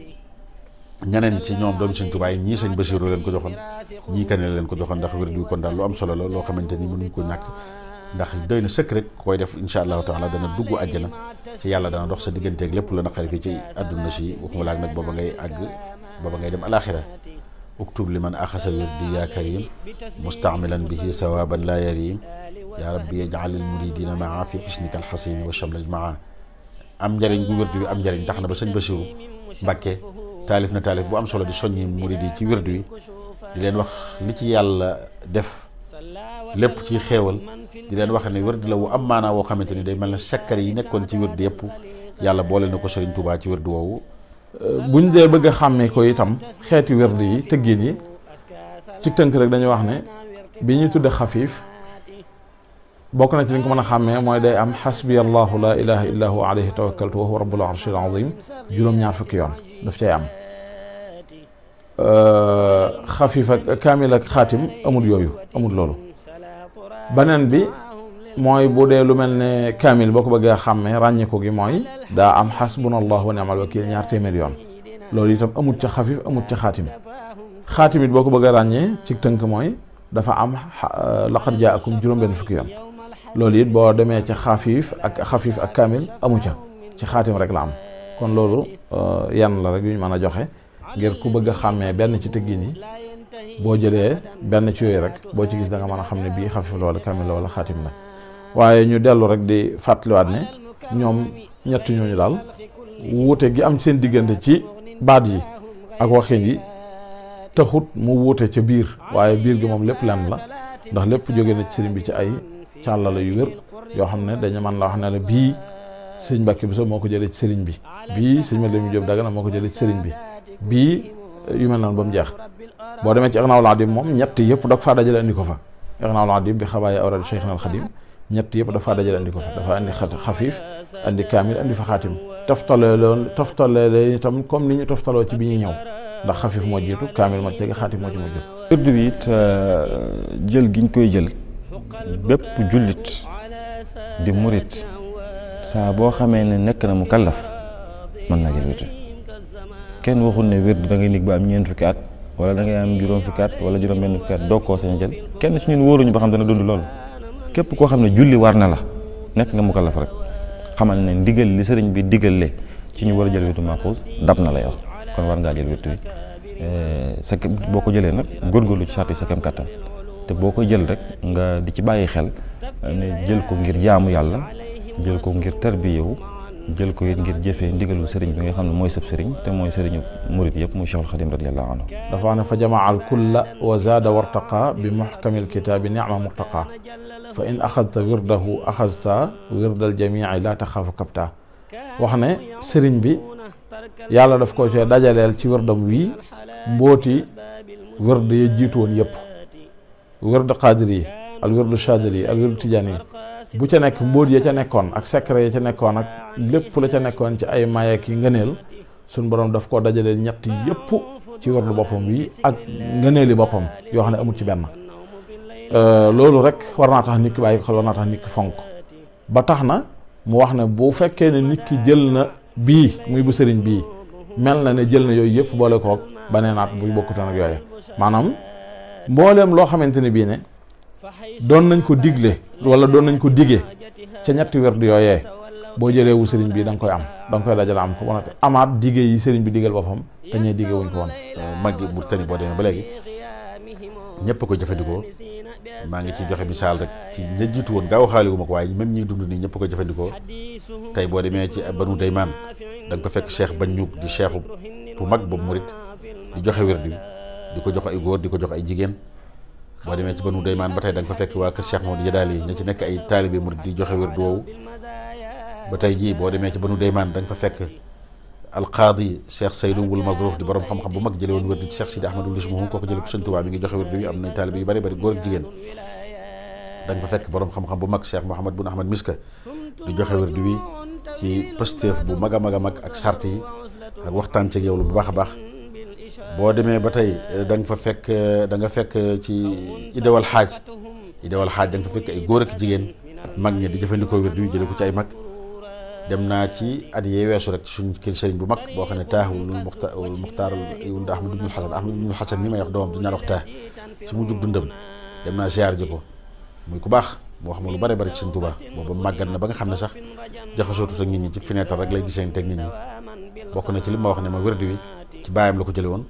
ñeneen ci ñoom doomi sëñ Tuubaa yi ñii sëñ Basiiru leen ko joxoon ñii kane leen ko joxoon ndax wérdu bi kon daal lu am solo la loo xamante ni mënuñ ko ñàkk ndax doy na sëkk rek koy def insha allahu taala dana dugg àjjana si yàlla dana dox sa digganteeg lépp la naqari fi ci àdduna si waxuma laak nag booba ngay àgg booba ngay dem alaxira uktub li man axasa wirdi yaa karim mustaamilan bihi sawaban laa yarim yaa rabbi yajcal il muridina maa fi xisnika alxasini wa shamlaj maa am njëriñ bu wirdu bi am njëriñ tax na ba sëñ Basiru Mbàkke taalif na taalif bu am solo di soññi murid yi ci wirdu yi di leen wax li ci yàlla def lépp ci xéewal di leen wax ne wirdu la wu am maanaa woo xamante ni day mel ne sekkar yi nekkoon ci wirdu yëpp yàlla boole na ko Sëriñ Tuubaa ci wirdu woowu bu ñu dee bëgg a xàmmee ko itam xeeti werd yi tëggin yi ci tënk rek dañuy wax ne bi ñuy tudde xafiif bokk na ci liñ ko mën a xàmmee mooy day am xasbi allahu la ilaha illa hu alayhi tawakkaltu wa huwa rabbul arshil azim juróom fukki yoon daf cay am xafiif ak kaamil xaatim amul yooyu amul loolu beneen bi mooy bu dee lu mel ne kaamil boo ko bëggee xàmmee ràññiku gi mooy daa am xasbunallahu wa ni'mal wakiil ñaar téeméer yoon loolu itam amut ca xafif amut ca xaatim xaatim boo ko bëggee ràññee ci tënk mooy dafa am euh, laqad jaakum juróom-benn fukki yoon loolu it boo demee ca xafiif ak xafiif ak kaamil amu ca ci xaatim rek la am kon loolu euh, yan la rek yu ñu mën a joxe ngir ku bëgg a xàmmee benn ci tëggin yi boo jëlee benn ci yooyu rek boo ci gis da nga mën a xam ne bii xafiif la wala kaamil la wala xaatim la waaye ñu dellu rek di fàttaliwaat ne ñoom ñett ñooñu daal wuute gi am seen diggante ci baat yi ak waxin yi taxut mu wuute ca biir waaye biir gi moom lépp lenn la ndax lépp jóge na ci sëriñ bi ci ay càllala yu wér yoo xam ne dañu mën la wax ne la bii sëriñ Mbàkke Buso moo ko jëlee ci sëriñ bi bii sëriñ Mbàkke Jóob Dagana moo ko jëlee ci sëriñ bi bii yu mel noonu ba mu jeex boo demee ci Ighnaa'ul Adiim moom ñett yëpp dog faa dajale andi ko fa Ighnaa'ul Adiim bi xabaaya awraad Cheikhinal Xadim ñett yëpp dafaa dajale andi ko fa dafa andi xafiif andi kaamil andi fa xaatim toftale loon toftale leen itam comme ni ñu toftaloo ci bi ñuy ñëw ndax xafiif moo jiitu kaamil moo ci moo ci mujj. wird bi it euh, jël giñ koy jël bépp jullit di murit saa boo xamee ne nekk na mu kallaf mën naa jël wird kenn waxul ne wird da ngay ligg ba am ñeent fukki at wala da ngay am juróom fukki at wala juróom benn fukki at doog koo seen jël kenn ci ñun wóoruñu ba xam dana dund loolu. képp koo xam ne julli war na la nekk nga mukallaf rek xamal ne ndigal li sëriñ bi digale ci ñu war a jël wetu maaxuus dab na la yow kon war ngaa jël wetu wi eh, sa boo ko jëlee nag góorgóorlu ci sart yi sa kem kattan te boo ko jël rek nga di ci bàyyi xel ne jël ko ngir jaamu yàlla jël ko ngir tarbiyewu jël ko it ngir jëfee ndigalul sëriñ bi nga xam ne mooy sëb sëriñ te mooy sëriñu murit yëpp muy Cheikhul Xadim radiyallahu anhu dafa wax ne fa jamaa al kulla wa zaada wartaqa bi muxkamil kitaabi nicma murtaqa fa in axadta wirdahu axadta wirdal jamii laa taxaafu kapta wax ne sëriñ bi yàlla daf ko cee dajaleel ci wirdam wii mbooti wird ya jiitu woon yëpp wird qaadir yi al wird chaadir bu ca nekk mbóot ya ca nekkoon ak secret ya ca nekkoon ak lépp la ca nekkoon ci ay maye ki ngëneel suñ borom daf koo dajalee ñett yëpp ci warlu boppam bi ak ngëneeli boppam yoo xam ne amul ci benn euh, loolu rek war naa tax nit ki bàyyi ko xel war fonk ba tax na mu wax ne bu fekkee ne nikki jël na bii muy bu sëriñ bii mel na ne jël na yooyu yëpp boole koog banee naat bu bokkutoon ak yooyu maanaam mbooleem loo xamante ne bii ne doon nañ ko digle wala doon nañ ko digee ca ñetti werd yooyee boo jëlee wu sëriñ bii danga koy am da nga koy dajale am ko wante amaat digee yi sëriñ bi digal boppam te ñee digee wuñ ko woon. Euh, maggi bu tani boo demee ba léegi ñëpp ko jëfandikoo maa ngi ci joxe misaal rek ci ña jiitu woon gaaw xaali ko waaye même ñi dund nii ñëpp ko jëfandikoo tey boo demee ci ay banu daymaan da ko fekk cheikh baññuug di seexu bu mag boobu murit di joxe werd bi di ko jox ay góor di ko jox ay jigéen. boo demee ci banu daymaan ba tey da nga fa fekk waa kër Cheikh Mamadou Yadaali yi ña ci nekk ay taalibe murid di joxe wér du ba tey jii boo demee ci banu daymaan da nga fa fekk alqaadi Cheikh Seydou wul Mazrouf di borom xam-xam bu mag jële woon wér di Cheikh Sidi Ahmadou Lismahum kooku jële ko Sëñ Tuubaa mi ngi joxe wér du am na taalibe yu bari góor ak jigéen da fa fekk borom xam-xam bu mag Cheikh Mouhamad bun Ahmad Miska di joxe wér du yi ci pësteef bu mag a mag a mag ak sart waxtaan ci yow bu baax a baax boo demee ba tey eh, da fa fekk eh, da nga fekk eh, ci idewal xaaj idewal xaaj da nga fa fekk ay góor ak jigéen mag ñi di jëfandikoo wér du jële ko ci ay mag dem naa ci at yee weesu rek suñ kër sëriñ bu mag boo xam ne taahul muxtaarul muxtaarul wul ahmad ibnul xasan ahmad ibnul xasan mi may wax doomam dinaa wax taah ci mu jug dundam dem naa ziar ji ko muy ku baax moo xam ne lu bare bari ci sëñ Tuubaa booba màggat na ba nga xam ne sax jaxasootut te nit ñi ci fenêtre rek lay gisee teg nit ñi bokk na ci li ma wax ne ma wérdu wi ci baayam la ko jële woon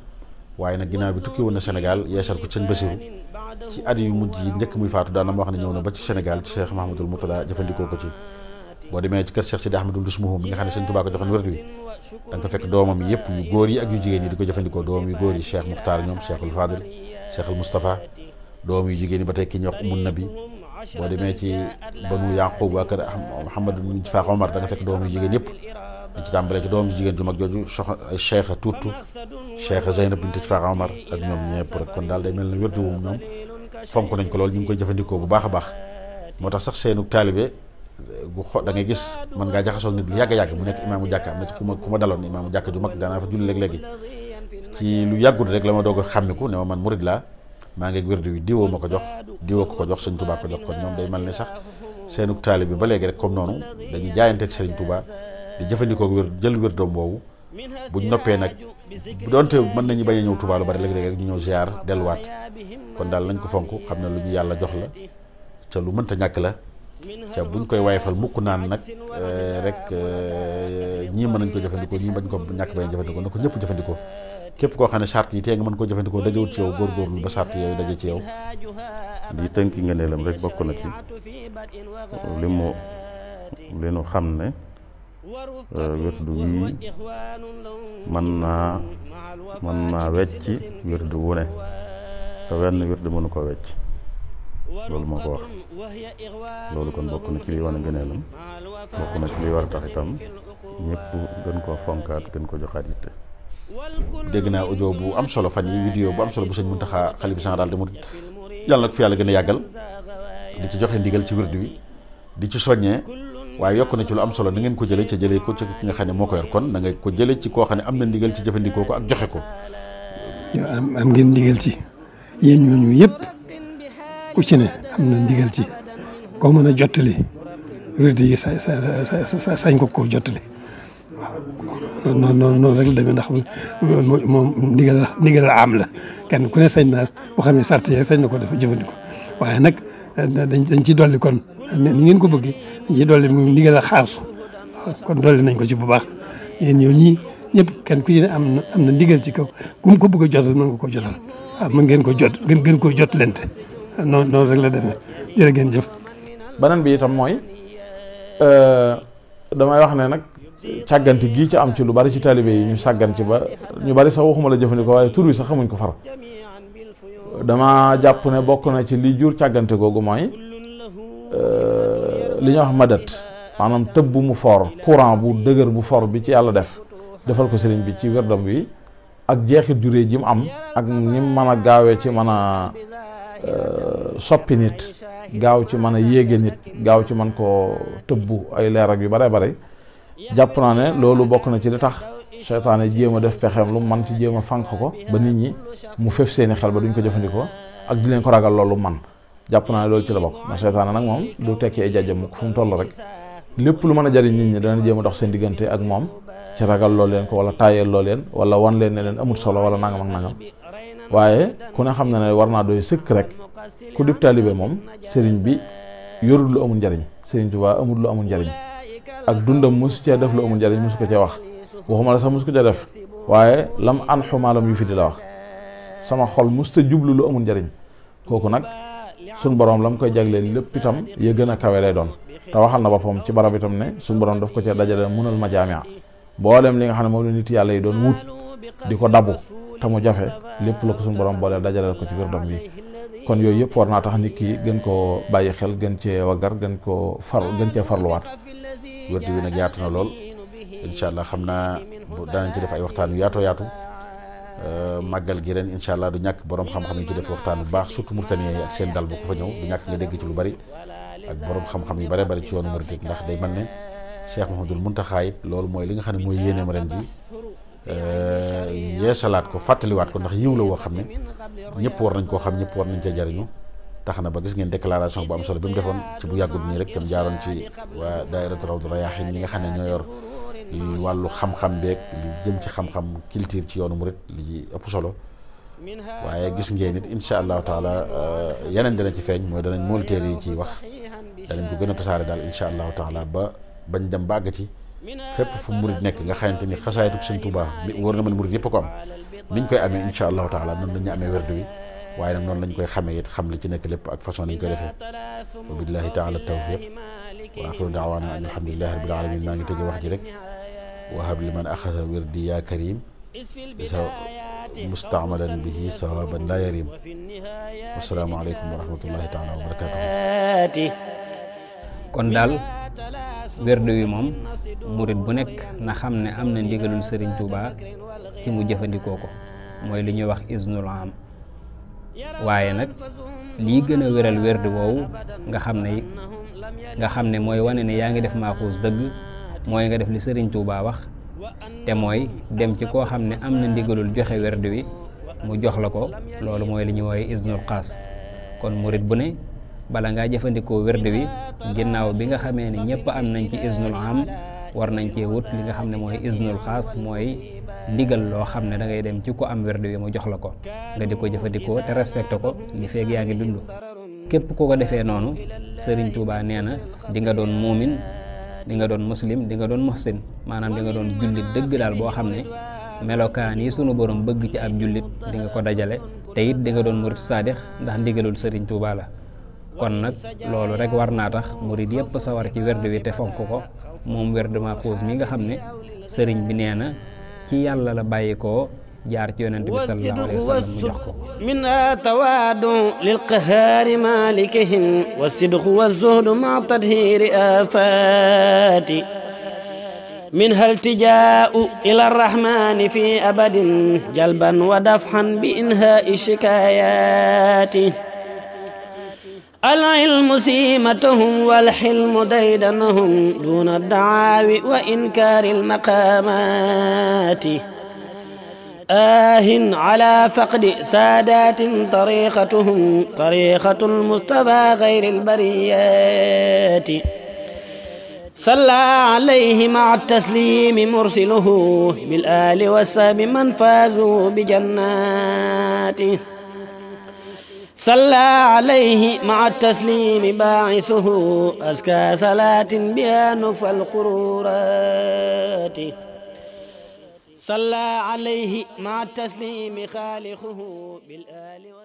waaye nag ginnaaw bi tukki woon na Sénégal yeesal ko ci sëñ Basiru ci at yu mujj yi njëkk muy faatu daana ma wax ne ñëw na ba ci Sénégal ci Cheikh Mahamadul Murtada jëfandikoo ko ci boo demee ci kër Cheikh Sidi Ahmadul Dusmuhum bi nga xam ne sëñ Tuubaa ko joxoon wi da nga fekk doomam yëpp yu góor yi ak yu jigéen yi di ko jëfandikoo doomam yu góor yi Cheikh Muxtaar ñoom Cheikhul Fadil Cheikhul Moustapha doom yu jigéen yi ba tey ki ñu wax umun nabi boo demee ci banu Yaquub waa kër Muhammad Faaq Omar da nga fekk doom yu jigéen di ci tàmbale ci doom jigéen ju mag jooju soxna ay cheikha tuttu cheikha Zeynab bint Faxa Omar ak ñoom ñëpp rek kon daal day mel ne wérdu moom ñoom fonk nañ ko loolu ñu ngi koy jëfandikoo bu baax a baax moo tax sax seenu taalibe bu xo dangay gis man ngaa jaxasoo nit lu yàgg yàgg mu nekk imaamu jàkka am na ci ku ma ku ma daloon imaamu jàkka ju mag daanaa fa julli léeg-léegi ci lu yàggut rek la ma doog a xàmmiku ne ma man murid laa maa ngi wérdu wi diwoo ma ko jox diwoo ko jox sëñ Tuubaa ko jox kon ñoom day mel ne sax seenu taalibe ba léegi rek comme noonu dañuy jaayanteeg sëriñ Tuubaa di jëfandikoo wér jël wér doom boobu buñ noppee nag donte mën nañu bañ a ñëw Tuubaa lu bari léeg-léeg rek ñu ñëw ziar delluwaat kon daal nañ ko fonk xam ne lu ñu yàlla jox la ca lu mënta ñàkk la ca buñ koy wayfal mukk naan nag eh, rek eh, ñii mën nañ ko jëfandikoo ñii bañ ko ñàkk bañ a jëfandikoo na ko ñëpp jëfandikoo képp koo xam ne charte yi te nga mën koo jëfandikoo dajewut ci yow góorgóorlu ba charte yooyu daje ci yow di tënk ngëneelam rek bokk na ci Eh, wirdu wi mën naa mën naa wecc wirdu wu ne te wenn wirdu mënu ko wecc loolu moo ko wax loolu kon bokk na ci liy wane war a tax itam ñëpp gën koo fonkaat gën ko joxaat yitte dégg naa audio bu am solo fan yi vidéo bu am solo bu sëñ Muntaxa xalif sax de Mouride yàlla na ko fi yàlla gën a yàggal di ci joxe ndigal ci wirdu wi di ci soññee waaye yokk na ci lu am solo na ngeen ko jëlee ca jëlee ko ci ki nga xam ne moo ko yor kon na nga ko am na ndigal ci jëfandikoo ko ak joxe ko. am am ngeen ndigal ci yéen yëpp ku ci ne am na ndigal ci koo mën a jottali wér di sa sa sañ ko ko jottali waaw noonu noonu noonu rek la demee ndax moom ndigal la am la kenn ku ne sañ naa boo xam ne sart sañ na ko dafa jëfandikoo waaye nag dañ dañ dolli kon. ni ngeen ko bëggee ci li mu ndigal a xaasu kon dolli nañ ko ci bu baax yéen ñoo ñii ñëpp kenn ku ci ne am na am na ndigal ci kaw ku mu ko bëgg a jotal mën nga ko jotal waaw ah, ngeen ko jot gën gën koo jot lente noonu noonu rek la demee jërë ngeen jëf. beneen bi itam mooy euh, damay wax ne nag càggante gii ci am ci lu bari ci taalibe yi ñu sàggan ci ba ñu bari sax waxuma la jëfandikoo waaye tur wi sax xamuñ ko far dama jàpp ne bokk na ci li jur càggante googu mooy. Euh, li ñuy wax madat maanaam tëb bu mu for courant bu dëgër bu for bi ci yàlla def defal ko sëriñ bi ci wérdam wi ak jeexit juree ji mu am ak ni man a gaawee ci man a euh, soppi nit gaaw ci mën a yéege nit gaaw ci man koo tëbbu ay leer ak yu bare bare jàpp naa ne loolu bokk na ci li tax seytaane jéem a def pexeem lu man ci jéem a fànq ko ba nit ñi mu fef seeni xel ba duñ ko jëfandikoo ak di leen ko ragal loolu man jàpp naa loolu ci la bokk ndax seytaane nag moom du tekki ay jàjjam mukk fu mu toll rek lépp lu mën a jariñ nit ñi dana jéem a dox seen diggante ak moom ci ragal loolu leen ko wala taayeel loolu leen wala wan leen ne leen amul solo wala nangam ak nangam waaye ku ne xam na ne war naa doy sëkk rek ku dib taalibe moom sëriñ bi yorul lu amul njariñ sëriñ Tuubaa amul lu amul njariñ ak dundam su cee def lu amul njariñ mosu ko cee wax waxuma la sax mosu ko cee def waaye lam an xumaalam yu fi di la wax sama xol mosu jublu lu amul njariñ kooku nag suñ borom la mu koy jagleel lépp itam ya gën a kawe doon te waxal na boppam ci barab itam ne suñ borom daf ko cee dajale mënal ma jaamia mboolem li nga xam ne moom la nit yàlla yi doon wut di ko dabu te mu jafe lépp la ko suñ borom booleel dajaleel ko ci biir dom kon yooyu yëpp war naa tax nit ki gën koo bàyyi xel gën cee waggar gën koo far gën cee farluwaat. wërd bi nag yaatu na lool incha allah xam naa bu danañ ci def ay waxtaan yu yaatoo yaatu. Euh, màggal gi ren incha allah du ñàkk borom xam-xam yi ci def waxtaan bu baax surtout Mauritanie yi ak seen dal bu ko fa ñëw du ñàkk nga dégg ci lu bari ak borom xam-xam yu bare bari ci yoonu murit ndax day mel ne Cheikh Mouhamadoul Mountakha it loolu mooy li nga xam ne mooy yéeneem ren ji euh, yeesalaat ko fàttaliwaat ko ndax yiw la woo xam ne ñëpp war nañ koo xam ñëpp war nañ cee jariñu tax na ba gis ngeen déclaration bu am solo bi mu defoon ci bu yàggul nii rek tam jaaroon ci waa daayiratu Rawdu Rayaahin ñi nga xam ne ñoo yor li wàllu xam-xam beeg li jëm ci xam-xam culture ci yoonu murit li ci ëpp solo waaye gis ngee it incha allahu taala euh, yeneen dana ci feeñ mooy danañ molteel yi ciy wax danañ ko gën a tasaare daal incha allahu taala ba bañ dem bàgg ci fépp fu murit nekk nga xamante ni xasaayitu sëñ Tuubaa mi war na mën murit yëpp ko am niñ koy amee incha allahu taala noonu lañu amee werdu wi waaye nag noonu lañ koy xamee it xam li ci nekk lépp ak façon nañ koy defee wa billahi taala tawfiq wa axiru daawaana an alhamdulilahi rabbil alamin maa ngi tëjee wax rek wahab liman axasa wirdi yaa karim mustaamalan bihi sawaaban laa yarim assalaamu aleykum wa rahmatullahi taala wa barakaatu kon daal werdu wi moom murit bu nekk na xam ne am na ndigalul Sëriñ Tuubaa ci mu jëfandikoo ko mooy li ñuy wax iznul am waaye nag li gën a wéral werdu woowu nga xam ne xam ne mooy wane ne yaa ngi def maaxuus dëgg mooy nga def li sëriñ Touba wax te mooy dem ci koo xam ne am na ndigalul joxe werd wi mu jox la ko loolu mooy li ñuy wooye isnul xaas kon murit bu ne bala ngaa jëfandikoo werd wi ginnaaw bi nga xamee ne ñëpp am nañ ci isnul am war nañ cee wut li nga xam ne mooy isnul xaas mooy ndigal loo xam ne da ngay dem ci ko am werd wi mu jox la ko nga di ko jëfandikoo te respecté ko li feeg yaa ngi dund képp ku ko defee noonu Serigne Touba nee na di nga doon muumin di nga doon muslim di nga doon muhsin maanaam di nga doon jullit dëgg daal boo xam ne melokaan yi sunu borom bëgg ci ab jullit di nga ko dajale te it di nga doon murit saadix ndax ndigalul sëriñ Tuuba la kon nag loolu rek war naa tax murit yëpp sawar ci werd wi te fonk ko moom werd ma xuus mi nga xam ne sëriñ bi nee na ci yàlla la bàyyi ko jaar ci yonent bi sallallahu alayhi wa sallam mu jox ko minha tawaadu lil qahaari malikihim wa sidqu wa zuhdu ma tadhiri afaati minha altijaau ila arrahmani fi abadin jalban wa dafhan bi inhaai shikayaati العلم سيمتهم والحلم ديدنهم دون الدعاوي وإنكار المقامات آه على فقد سادات طريقتهم طريقة المصطفى غير البريات صلى عليه مع التسليم مرسله بالآل والسب من فازوا بجناته صلى عليه مع التسليم باعثه أزكى صلاة بها نكفى الخرورات صلى عليه مع التسليم خالقه بالآل